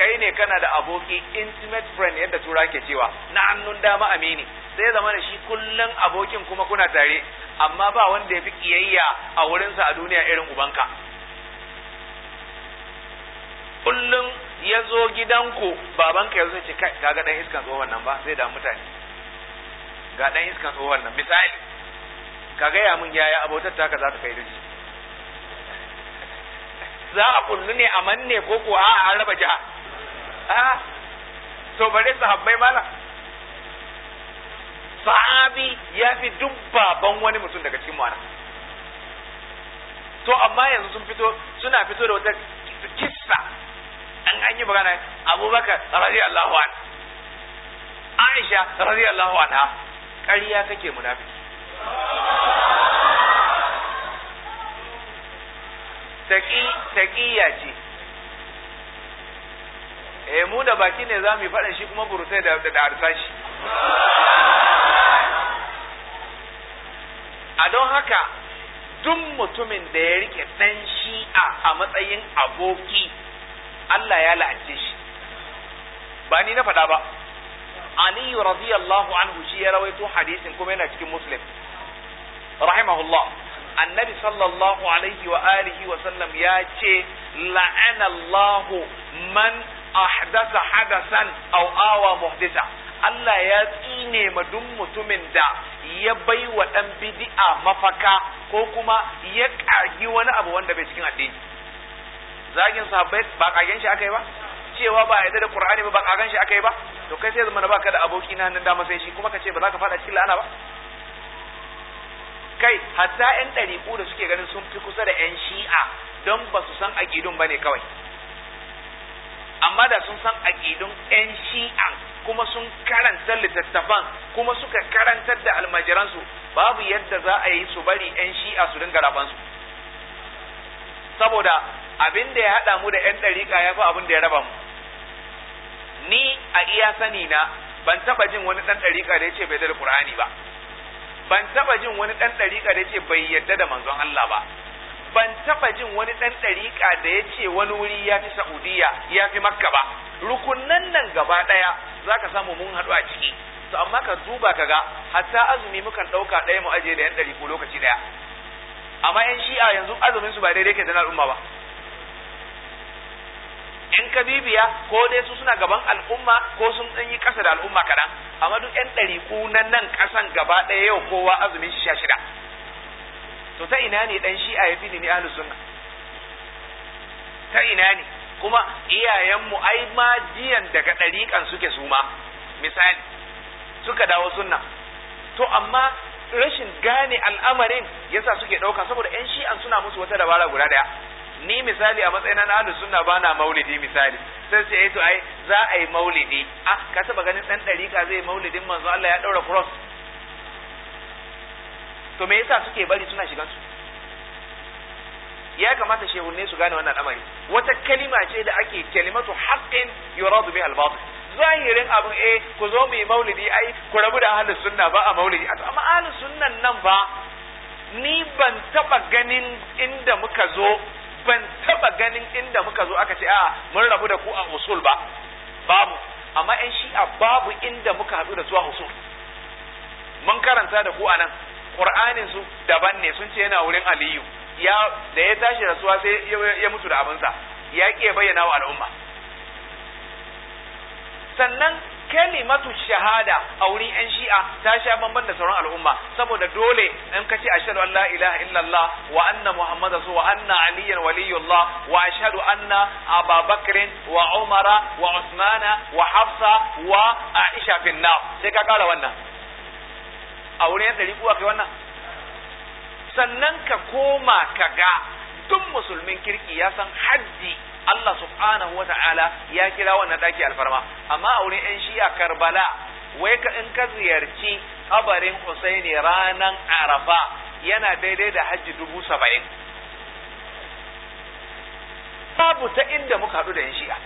kai ne kana da aboki intimate friend yadda tura ke cewa na hannun dama amini sai zama da shi kullum abokin kuma kuna tare amma ba wanda ya fi kiyayya a wurinsa a duniya irin ubanka kullum ya zo gidanku babanka ya zo ce kai kaga dan iskan tsohon nan ba zai da mutane ga dan iskan tsohon nan misali ka gaya min yaya abotar ka za ta kai da za a kullu ne a manne ko ko a an raba jiha a to bare sahabbai mala sahabi ya fi dubbaban wani mutum daga cikin mana to amma yanzu sun fito suna fito da wata kissa an an yi magana abubakar radiyallahu an aisha radiyallahu anha ƙarya kake munafiki taƙiyya ce e mu da baki ne za mu yi faɗin shi kuma burusai da da arsashi a don haka duk mutumin da ya rike ɗan shi'a a matsayin aboki Allah ya la'ance shi ba ni na faɗa ba aliyu radiyallahu anhu shi ya rawaito hadisin kuma yana cikin muslim rahimahullah annabi sallallahu alaihi wa alihi wa sallam ya ce la'anallahu man ahdasa hadasan aw awa muhdisa Allah ya tsine ma duk mutumin da ya bai wa ɗan bid'a mafaka ko kuma ya ƙagi wani abu wanda bai cikin addini zagin sahabbai ba ƙagen shi akai ba cewa ba yadda da qur'ani ba ba ƙagen shi akai ba to kai sai zama ba ka da aboki na hannun dama sai shi kuma ka ce ba za ka faɗa cikin la'ana ba kai hatta yan ɗariƙu da suke ganin sun fi kusa da yan shi'a don ba su san aƙidun ba ne kawai amma da sun san aƙidun yan shi'a kuma sun karanta littattafan kuma suka karantar da almajiransu babu yadda za a yi su bari yan shi'a su dinga rabansu saboda abin da ya haɗa mu da yan ɗariƙa ya fi abin da ya raba mu ni a iya sani na ban taɓa jin wani ɗan ɗariƙa da ya ce bai da Kur'ani ba ban taba jin wani dan dariƙa da yace bai yadda da manzon Allah ba ban taba jin wani dan dariƙa da yace wani wuri ya fi Saudiya ya fi Makka ba rukunnan nan gaba daya zaka samu mun haɗu a ciki to amma ka duba kaga hatta azumi mukan ɗauka ɗaya mu aje da yan ɗari lokaci daya amma yan shi'a yanzu azumin su ba daidai ke da al'umma ba yan kabibiya ko dai su suna gaban al'umma ko sun dan yi kasa da al'umma kaɗan amma duk yan ɗariku na nan ƙasan gaba ɗaya yau kowa azumin sha shida to ta ina ne dan shi'a ya fi ni ahlus sunna ta ina ne kuma iyayenmu ai ma jiyan daga ɗariƙan suke suma misali suka dawo sunna to amma rashin gane al'amarin yasa suke ɗauka saboda 'yan shi'an suna musu wata dabara guda ɗaya ni misali a matsayin na ahlus sunna bana maulidi misali sai ce eh, to ai za a yi maulidi ah ka taba ganin dan dariƙa zai maulidin manzo Allah ya daura cross to me yasa suke bari suna shiga su ya kamata shehunne su gane wannan al'amari wata kalima ce da ake kalimatu haqqin yuradu bi al-batil zahirin abin eh ku zo mu yi maulidi ai ku rabu da ahlus sunna ba a maulidi amma ahlus sunnan nan ba ni ban taba ganin inda muka zo ban taba ganin inda muka zo aka ce a mun rabu da ku a usul ba babu amma yan shi'a babu inda muka haɗu da su a usul mun karanta da ku anan qur'anin su daban ne sun ce yana wurin aliyu ya da ya tashi da rasuwa sai ya mutu da abinsa ya ki bayyana wa al'umma sannan kalimatu shahada a wurin yan shi'a ta sha bamban da sauran al'umma saboda dole in kace ashhadu an la ilaha illallah wa anna muhammad rasul wa anna aliyan waliyullah wa ashhadu anna ababakr wa umara wa usmana wa hafsa wa aisha bin nar sai ka kara wannan a wurin yan dari kuwa kai wannan sannan ka koma ka ga duk musulmin kirki ya san haddi Allah subhanahu wa ta'ala ya kira wannan daki alfarma amma a wurin yan shi'a Karbala wai ka in ka ziyarci kabarin Husaini ranan Arafa yana daidai da hajji dubu saba'in babu ta inda muka haɗu da yan shi'a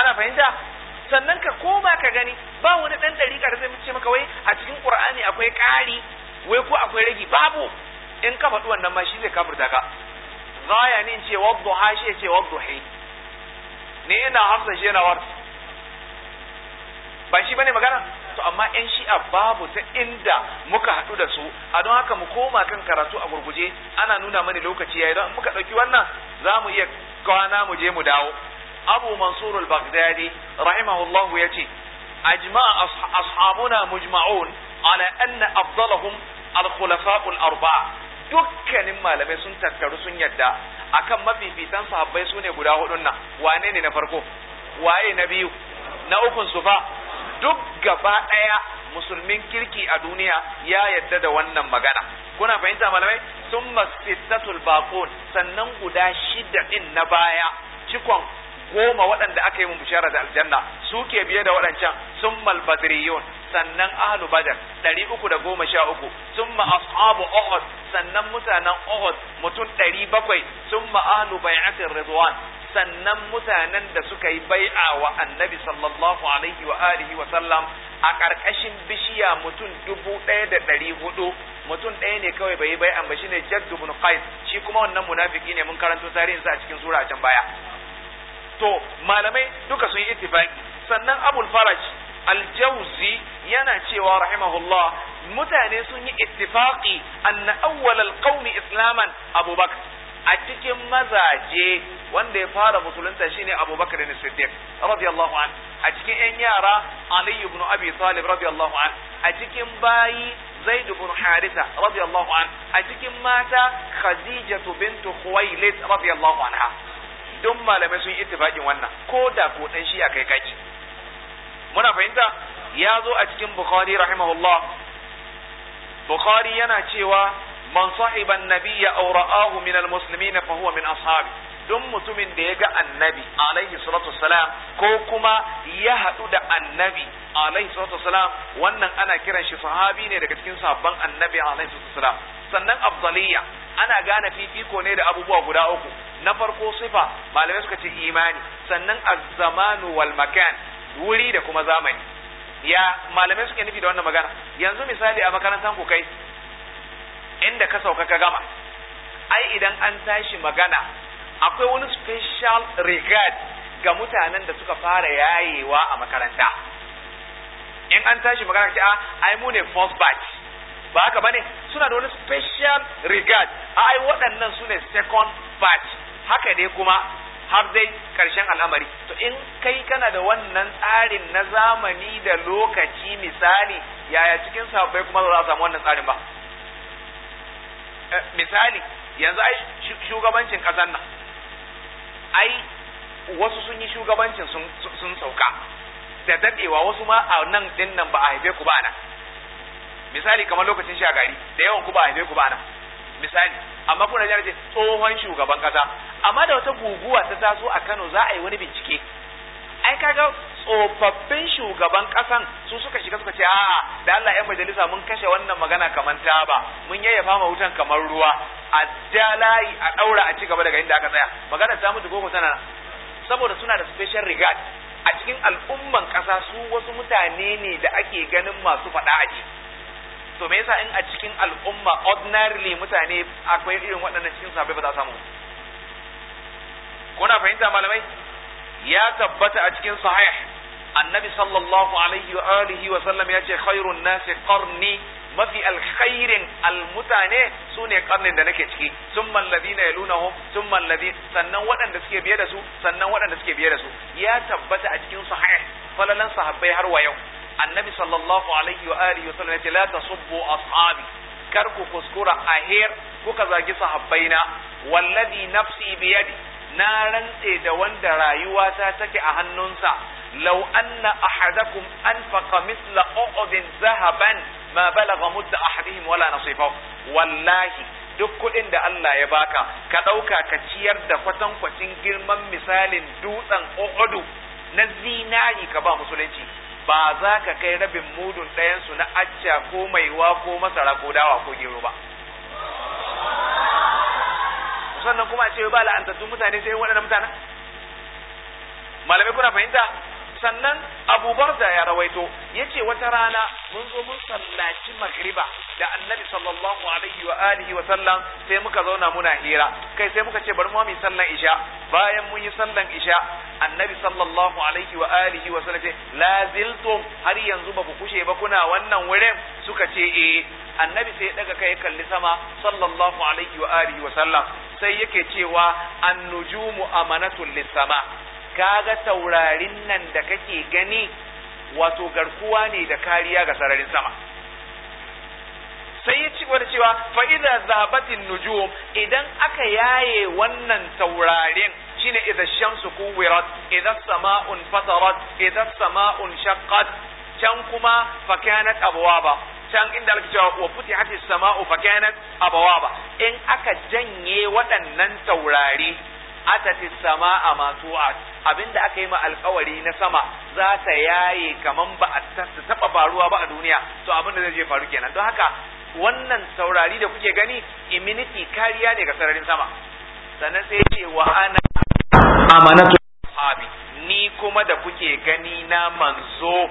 ana fahimta sannan ka koma ka gani ba wani ɗan ɗariƙa da zai mace maka wai a cikin ƙur'ani akwai ƙari wai ko akwai ragi babu in ka faɗi wannan ma shi zai kafirta ka غاية نين شي وضو حاشي شي وضو حي نينا عصا جينا ور باشي بني مغانا تو اما ان شي ابابو تا اندا مكا حدو دسو ادو هكا مكوما كان كراتو اغور بجي انا نونا مني لوكا تي ايضا مكا لوكي وانا زامو ايه قوانا مجي مداو ابو منصور البغدادي رحمه الله يتي اجماع اصحابنا مجمعون على ان افضلهم الخلفاء الاربعه dukkanin malamai sun tattaru sun yadda akan mafifitan sahabbai sune guda hudun nan wane ne na farko waye na biyu na ukun su fa duk gaba daya musulmin kirki a duniya ya yadda da wannan magana kuna fahimta malamai sun masittatul baqun sannan guda shida din na baya cikon goma waɗanda aka yi mu bishara da aljanna Su ke biye da waɗancan summal badriyun sannan ahlu badar 313 summa ashabu uhud sannan mutanen uhud mutum ɗari bakwai, summa ahlu baiatin Rizwan, sannan mutanen da suka yi bai'a wa annabi sallallahu alaihi wa alihi wa sallam a ƙarƙashin bishiya mutum dubu ɗaya da ɗari hudu mutum ɗaya ne kawai bai yi bai'an ba shine jadd ibn qais shi kuma wannan munafiki ne mun karanto tarihin sa a cikin sura can baya to malamai duka sun yi ittifaqi sannan abul faraj aljauzi yana cewa rahimahullah mutane sun yi ittifaqi anna awwal alqawmi islaman abubakar a cikin mazaje wanda ya fara musulunta shine abubakar ibn siddiq radiyallahu an a cikin yan yara ali ibn abi talib radiyallahu an a cikin bayi zaid ibn haritha radiyallahu an a cikin mata khadijatu bint khuwailid radiyallahu anha duk malamai sun yi ittifaqin wannan ko da ko dan shi akai kaki muna fahimta ya zo a cikin bukhari rahimahullah bukhari yana cewa man sahiban nabiyya aw ra'ahu min almuslimin fa huwa min ashabi duk mutumin da ya ga annabi alaihi salatu wassalam ko kuma ya haɗu da annabi alaihi salatu wassalam wannan ana kiran shi sahabi ne daga cikin sabban annabi alaihi salatu wassalam sannan afdaliya ana gane fifiko ne da abubuwa guda uku na farko sifa malamai suka ce imani sannan az-zamanu wal makan wuri da kuma zamani ya malamai suke nufi da wannan magana yanzu misali a makarantar ku kai inda ka sauka ka gama ai idan an tashi magana akwai wani special regard ga mutanen da suka fara yayewa a makaranta in an tashi magana ce a ah, ai mu ne first batch ba haka bane suna da wani special regard a ah, ai waɗannan su ne second batch haka dai kuma har dai ƙarshen al'amari to in kai kana da wannan tsarin na zamani da lokaci misali yaya cikin sabai kuma za a samu wannan tsarin ba eh, misali yanzu ai shugabancin kasar nan ai wasu sun yi shugabancin sun sauka da daɗewa wasu ma a nan dinnan ba a haife ku ba na? misali kamar lokacin shagari da yawan ku ba a haife ku ba na? misali amma kuna jira ce tsohon shugaban kasa amma da wata guguwa ta taso a Kano za a yi wani bincike ai kaga tsofaffin shugaban kasan su suka shiga suka ce a'a da Allah yan majalisa mun kashe wannan magana kamar ta ba mun yayya fama wutan kamar ruwa a dalayi a ɗaura a ci gaba daga inda aka tsaya magana ta mutu koko tana saboda suna da special regard a cikin al'umman kasa su wasu mutane ne da ake ganin masu faɗa aji to me yasa in a cikin al'umma ordinarily mutane akwai irin waɗannan cikin sahabbai ba za samu kuna fahimta malamai ya tabbata a cikin sahih annabi sallallahu alaihi wa alihi wa sallam ya ce khairun nasi qarni mafi alkhairin almutane su ne karnin da nake ciki sun mallabi na yalunahum sun mallabi sannan waɗanda suke biye da su sannan waɗanda suke biye da su ya tabbata a cikin sahih falalan sahabbai har wa yau annabi sallallahu alaihi wa alihi wasallam yace la tasubbu ashabi kar ku kuskura ahir kuka zagi sahabbaina wallazi nafsi biyadi na rantse da wanda rayuwata take a hannunsa law anna ahadakum anfaqa misla uqdin zahaban ma balagha mudda ahadihim wala nasifahu wallahi duk kuɗin da Allah ya baka ka ɗauka ka ciyar da kwatankwacin girman misalin dutsen Uhudu na zinari ka ba musulunci ba za ka kai rabin mudun ɗayansu na acca ko mai maiwa ko masara ko dawa ko gero ba sannan kuma a ce ba la'antattun mutane sai waɗannan mutanen malamai kuna fahimta sannan abu barda ya rawaito ya ce wata rana mun zo mun sallaci magriba da annabi sallallahu alaihi wa alihi wa sallam sai muka zauna muna hira kai sai muka ce bari mu mi sallan isha bayan mun yi sallan isha annabi sallallahu alaihi wa alihi wa sallam ce la har yanzu ba ku kushe ba kuna wannan wurin suka ce eh annabi sai daga kai kalli sama sallallahu alaihi wa alihi wa sallam sai yake cewa an-nujumu amanatul lis-sama kaga taurarin nan da kake gani wato garkuwa ne da kariya ga sararin sama sai ya ci wata cewa fa'iza zahabatin nujum idan aka yaye wannan taurarin shine idan shamsu kuwirat idan sama'un fatarat idan sama'un shaqqat can kuma kanat abwaba can inda aka cewa wa futihatis sama'u kanat abwaba in aka janye waɗannan taurari atati sama'a masu abinda aka yi ma alkawari na sama za ta yaye kamar ba a taba faruwa ba a duniya to abinda zai je faru kenan don haka wannan saurari da kuke gani immunity kariya ne ga sararin sama sannan sai ce wa ana amanatu abi ni kuma da kuke gani na manzo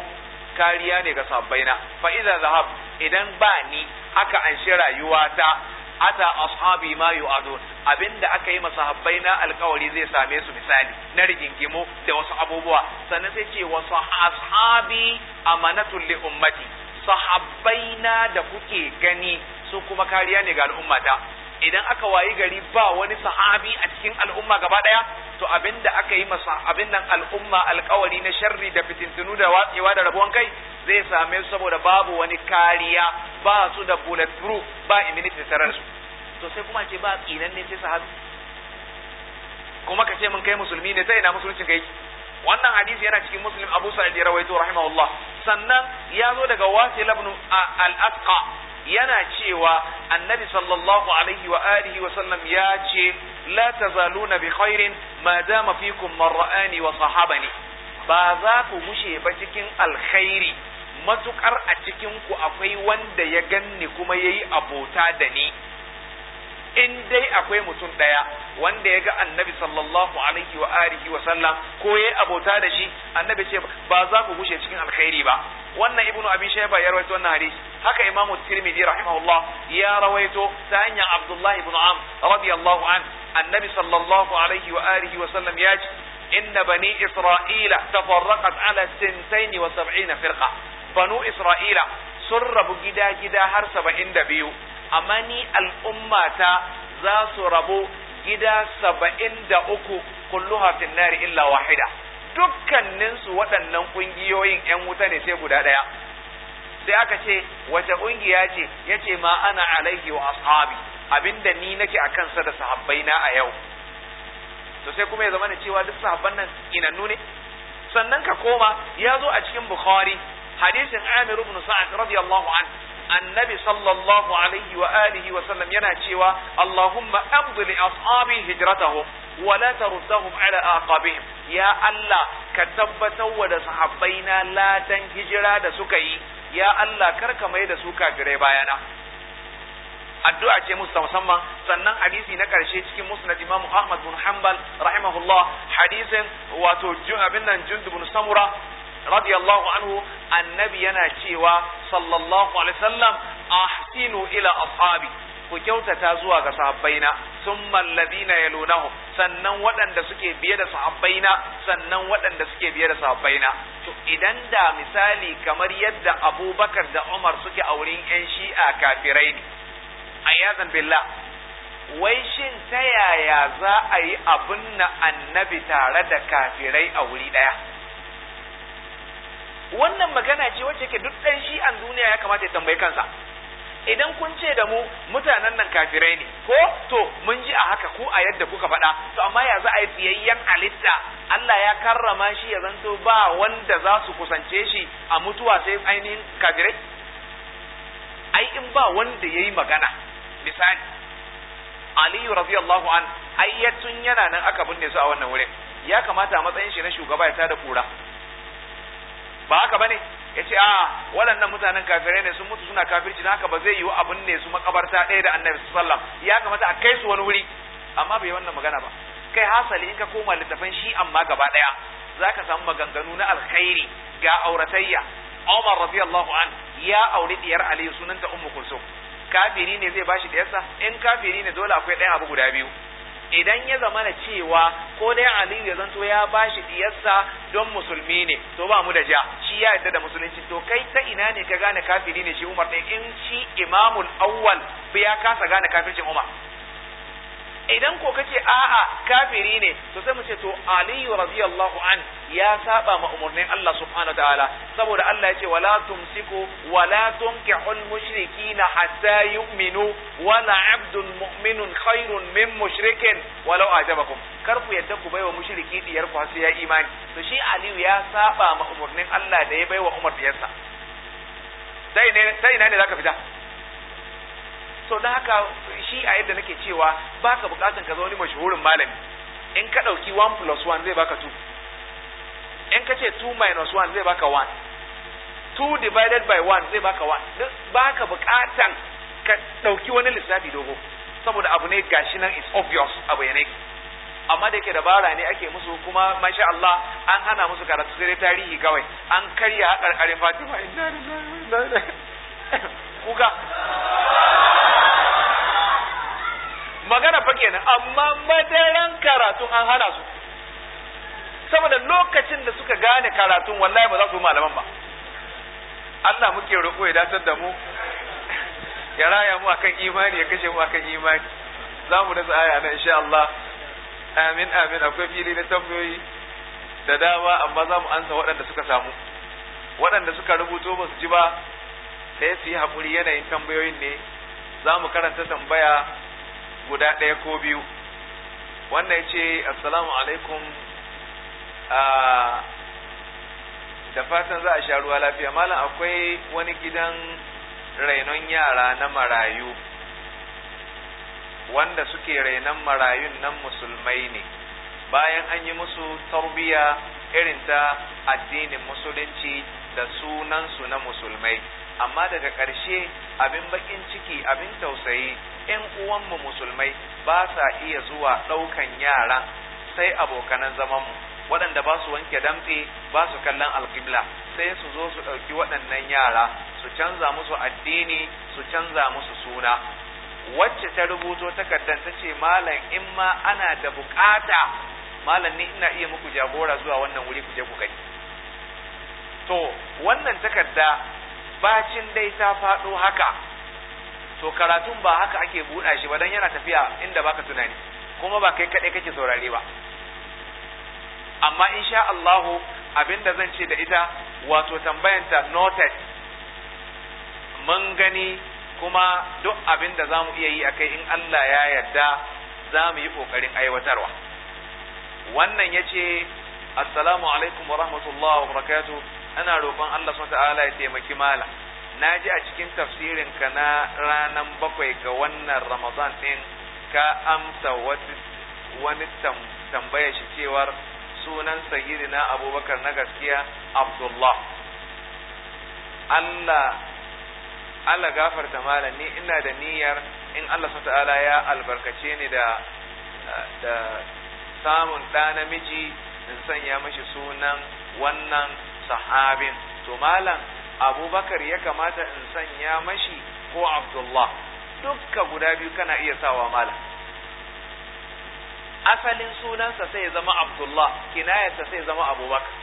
kariya ne ga sabbaina fa iza zahab idan ba ni aka anshi rayuwata ata ashabi ma yu'adun abinda aka yi masahabbai na alkawari zai same su misali na rigingimu da wasu abubuwa sannan sai ce wasu ashabi amanatul li ummati sahabbaina da kuke gani su kuma kariya ne ga al'ummata idan aka wayi gari ba wani sahabi a cikin al'umma gaba daya to abinda aka yi masa abin nan al'umma alkawari na sharri da fitintunu da watsewa da rabuwan kai zai same su saboda babu wani kariya ba su da bulletproof ba immunity tarar su to sai kuma ce ba tsinan ne sai sahabi kuma ka ce mun kai musulmi ne sai ina musulunci kai wannan hadisi yana cikin muslim abu sa'id rawaito rahimahullah sannan ya zo daga wasil ibn al-asqa yana cewa annabi sallallahu alaihi wa alihi wa sallam ya ce la tazaluna bi khairin ma dama fikum ra'ani wa sahabani ba za ku gushe ba cikin alkhairi matukar a cikin ku akwai wanda ya ganni kuma yayi abota da ni in dai akwai mutum daya wanda ya ga annabi sallallahu alaihi wa alihi wa sallam ko yayi abota da shi annabi ce ba za ku gushe cikin alkhairi ba wannan ibnu abi shayba ya rawaito wannan hadisi haka imam tirmidhi rahimahullah ya rawaito sanya hanyar abdullahi ibn am radiyallahu an annabi sallallahu alaihi wa alihi wa sallam ya ce inna bani isra'ila tafarraqat ala 72 firqa banu isra'ila sun rabu gida gida har 72 amma ni al'ummata za su rabu gida 73 kulluha fi nari illa wahida dukkaninsu waɗannan ƙungiyoyin 'yan wuta ne sai guda ɗaya sai aka ce wata ƙungiya ce ya ce ma ana alaihi wa ashabi abinda ni nake a kansa da sahabbai na a yau to sai kuma ya zama da cewa duk sahabban nan inannu ne sannan ka koma ya zo a cikin bukhari hadisin amir ibn sa'ad radiyallahu anhu annabi sallallahu alaihi wa alihi wa sallam yana cewa Allahumma amdi li ashabi hijratahum wa la taruddahum ala aqabihim ya Allah ka tabbatar wa da sahabbaina ladan hijira da suka yi ya Allah ka mai da su kafirai bayana addu'a ce musu musamman sannan hadisi na karshe cikin musnad Imam Ahmad bin Hanbal rahimahullah hadisin wato abin nan Jundub bin Samura radiyallahu anhu annabi yana cewa sallallahu alaihi wasallam ahsinu ila ashabi ku kyautata zuwa ga sahabbaina thumma alladhina yalunahum sannan waɗanda suke biye da sahabbaina sannan waɗanda suke biye da sahabbaina to idan da misali kamar yadda Abubakar da Umar suke a wurin ƴan Shi'a kafirai ne ayyazan billah wai shin ta yaya za a yi abin na annabi tare da kafirai a wuri ɗaya wannan magana ce wacce ke duk ɗan shi an duniya ya kamata ya tambayi kansa idan kun ce da mu mutanen nan kafirai ne ko to mun ji a haka ko a yadda kuka faɗa to amma ya za a yi tsiyayyen alitta Allah ya karrama shi ya zanto ba wanda za su kusance shi a mutuwa sai ainihin kafirai ai in ba wanda yayi magana misali Aliyu radiyallahu an ayyatun yana nan aka binne su a wannan wurin ya kamata a matsayin shi na shugaba ya tada kura ba haka bane ce a ah, waɗannan mutanen kafirai ne sun mutu suna kafirci haka ba zai yiwu abun ne su makabarta ɗaya da annabi sallam ya kamata a kai su wani wuri amma bai wannan magana ba kai hasali in ka koma littafan shi amma gaba ɗaya zaka samu maganganu na alkhairi ga auratayya Umar radiyallahu an ya auri diyar Ali sunanta Ummu Kulsum kafiri ne zai bashi diyarsa in kafiri ne dole akwai ɗaya abu guda biyu idan ya zama na cewa ko dai aliyu ya zanto ya bashi diyarsa don musulmi ne to ba mu da ja shi ya yarda da musulunci to kai ta ina ne ka gane kafiri ne shi umar ɗin in shi imamul awwal ya kasa gane kafircin umar idan ko kace a'a kafiri ne to sai mu ce to Ali radiyallahu an ya saba ma umurnin Allah subhanahu ta'ala saboda Allah ya ce wala tumsiku wala tunkihul mushrikina hatta yu'minu wala abdun mu'minun khairun min mushrikin walau ajabakum kar ku yadda ku baiwa mushriki diyar ku sai ya imani to shi Ali ya saba ma umurnin Allah da ya baiwa Umar diyarsa dai ne dai ne zaka fita so da haka shi a yadda nake cewa ba ka bukatan ka zo wani mashhurin malami in ka dauki 1 plus 1 zai baka 2 in ka ce 2 minus 1 zai baka 1 2 divided by 1 zai baka 1 ba ka bukatan ka dauki wani lissafi dogo saboda abu ne gashi nan is obvious abu yana amma da yake dabara ne ake musu kuma masha Allah an hana musu karatu sai tarihi kawai an karya a karkarin Fatima inna lillahi wa inna ilaihi kuka magana fa kenan amma madaran karatu an hana su saboda lokacin da suka gane karatun wallahi ba za su malaman ba Allah muke roƙo ya datar da mu ya raya mu akan imani ya kashe mu akan imani za mu rasa aya na insha Allah amin amin akwai fili na tambayoyi da dama amma za mu ansa waɗanda suka samu waɗanda suka rubuto ba su ji ba sai su yi haƙuri yanayin tambayoyin ne za mu karanta tambaya guda ɗaya ko biyu wannan ya ce assalamu alaikum da fatan za a sha ruwa lafiya malam akwai wani gidan rainon yara na marayu wanda suke rainon marayun nan musulmai ne bayan an yi musu tarbiya irin ta addinin musulunci da sunansu na musulmai amma daga ƙarshe abin bakin ciki abin tausayi ‘yan uwanmu musulmai ba sa iya zuwa ɗaukan yara sai abokanan zamanmu waɗanda ba su wanke damtse ba su kallon alƙibla sai su zo su ɗauki waɗannan yara su canza musu addini su canza musu suna wacce ta rubuto takardar ta ce malam in ma ana da bukata malam ni ina iya muku jagora zuwa wannan wuri ku je ku gani to wannan takarda bacin dai ta faɗo haka to karatun ba haka ake buɗa shi ba dan yana tafiya inda baka tunani kuma ba kai kaɗai kake saurare ba amma insha Allahu abinda zan ce da ita wato tambayanta noted mun gani kuma duk abinda za mu iya yi akai in Allah ya yarda za mu yi ƙoƙarin aiwatarwa wannan ya ce assalamu alaikum wa rahmatullahi wa barakatuh ana roƙon Allah ta'ala ya taimaki mala na ji a cikin tafsirin ka na ranar bakwai ga wannan Ramadan ɗin ka amsa wani tambaya shi cewar sunan sayyidina Abubakar na gaskiya Abdullah Allah Allah gafarta mala ni ina da niyyar in Allah ta'ala ya albarkace ni da da samun ɗa namiji in sanya mashi sunan wannan sahabin to malam abubakar ya kamata in sanya mashi ko abdullah dukka guda biyu kana iya sawa malam asalin sunansa sai ya zama abdullah kinayarsa sai ya zama abubakar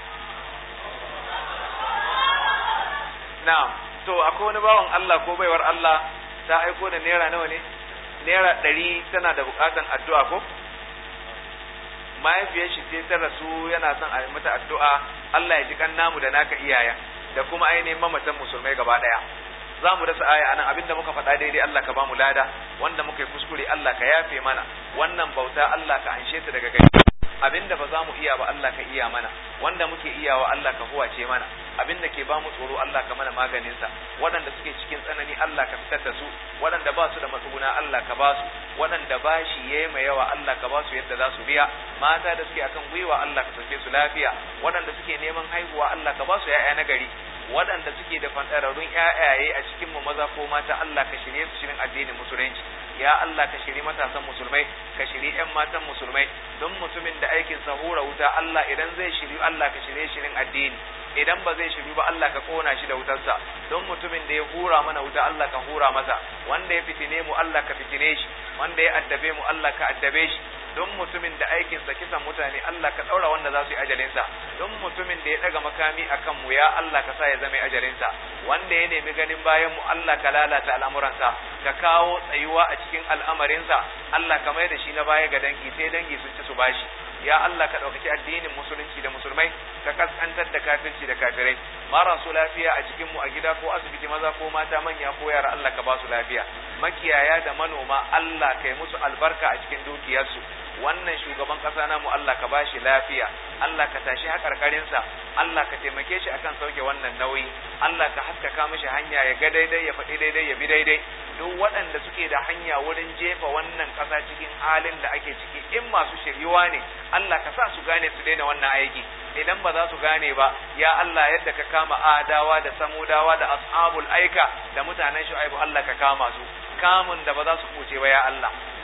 na'am to akwai wani bawan Allah ko baiwar Allah ta aiko da naira nawa ne naira ɗari tana da bukatan addu'a ko mahaifiyar shi sai ta rasu yana son a mata addu'a Allah ya ji kan namu da naka iyayen da kuma ainihin mamatan musulmai gaba daya za mu rasa aya anan abinda muka faɗa daidai Allah ka ba mu lada wanda muka yi kuskure Allah ka yafe mana wannan bauta Allah ka anshe ta daga gari abinda ba za mu iya ba Allah ka iya mana wanda muke iya wa Allah ka huwa ce mana abinda ke ba mu tsoro Allah ka mana maganin sa waɗanda suke cikin tsanani Allah ka fitar da su waɗanda ba su da matsuguna Allah ka ba su waɗanda ba shi yayi mai yawa Allah ka ba su yadda za su biya mata da suke akan gwiwa Allah ka sauke su lafiya waɗanda suke neman haihuwa Allah ka ba su ya'ya na gari waɗanda suke da fantararrun yayaye a cikin mu maza ko mata Allah ka shirye su shirin addinin musulunci ya Allah ka shiri matasan musulmai ka shiri ƴan matan musulmai don mutumin da aikin sa hura wuta Allah idan zai shiri Allah ka shirye shirin addini idan ba zai shiru ba Allah ka kona shi da wutarsa don mutumin da ya hura mana wuta Allah ka hura masa wanda ya fitine mu Allah ka fitine shi wanda ya addabe mu Allah ka addabe shi don mutumin da aikinsa kisan mutane Allah ka ɗaura wanda za su yi ajalinsa don mutumin da ya ɗaga makami a kanmu ya Allah ka sa ya zama ajarinsa wanda ya nemi ganin bayan mu Allah ka lalata al'amuransa ka kawo tsayuwa a cikin cikin al'amarinsa Allah ka mai da shi na baya ga dangi sai dangi sun ci su bashi ya Allah ka ɗaukaki addinin musulunci da musulmai ka kaskantar da kafirci da kafirai marasu lafiya a cikinmu a gida ko asibiti maza ko mata manya ko yara Allah ka ba su lafiya makiyaya da manoma Allah ka yi musu albarka a cikin dukiyarsu wannan shugaban na namu Allah ka bashi lafiya Allah ka tashi hakarkarinsa Allah ka taimake shi akan sauke wannan nauyi Allah ka haskaka mishi hanya ya ga daidai ya faɗi daidai ya bi daidai duk waɗanda suke da hanya wurin jefa wannan ƙasa cikin halin da ake ciki in masu shiriwa ne Allah ka sa su gane su daina wannan aiki idan ba za su gane ba ya Allah yadda ka kama adawa da samudawa da ashabul aika da mutanen shu'aibu Allah ka kama su kamun da ba za su kuce ba ya Allah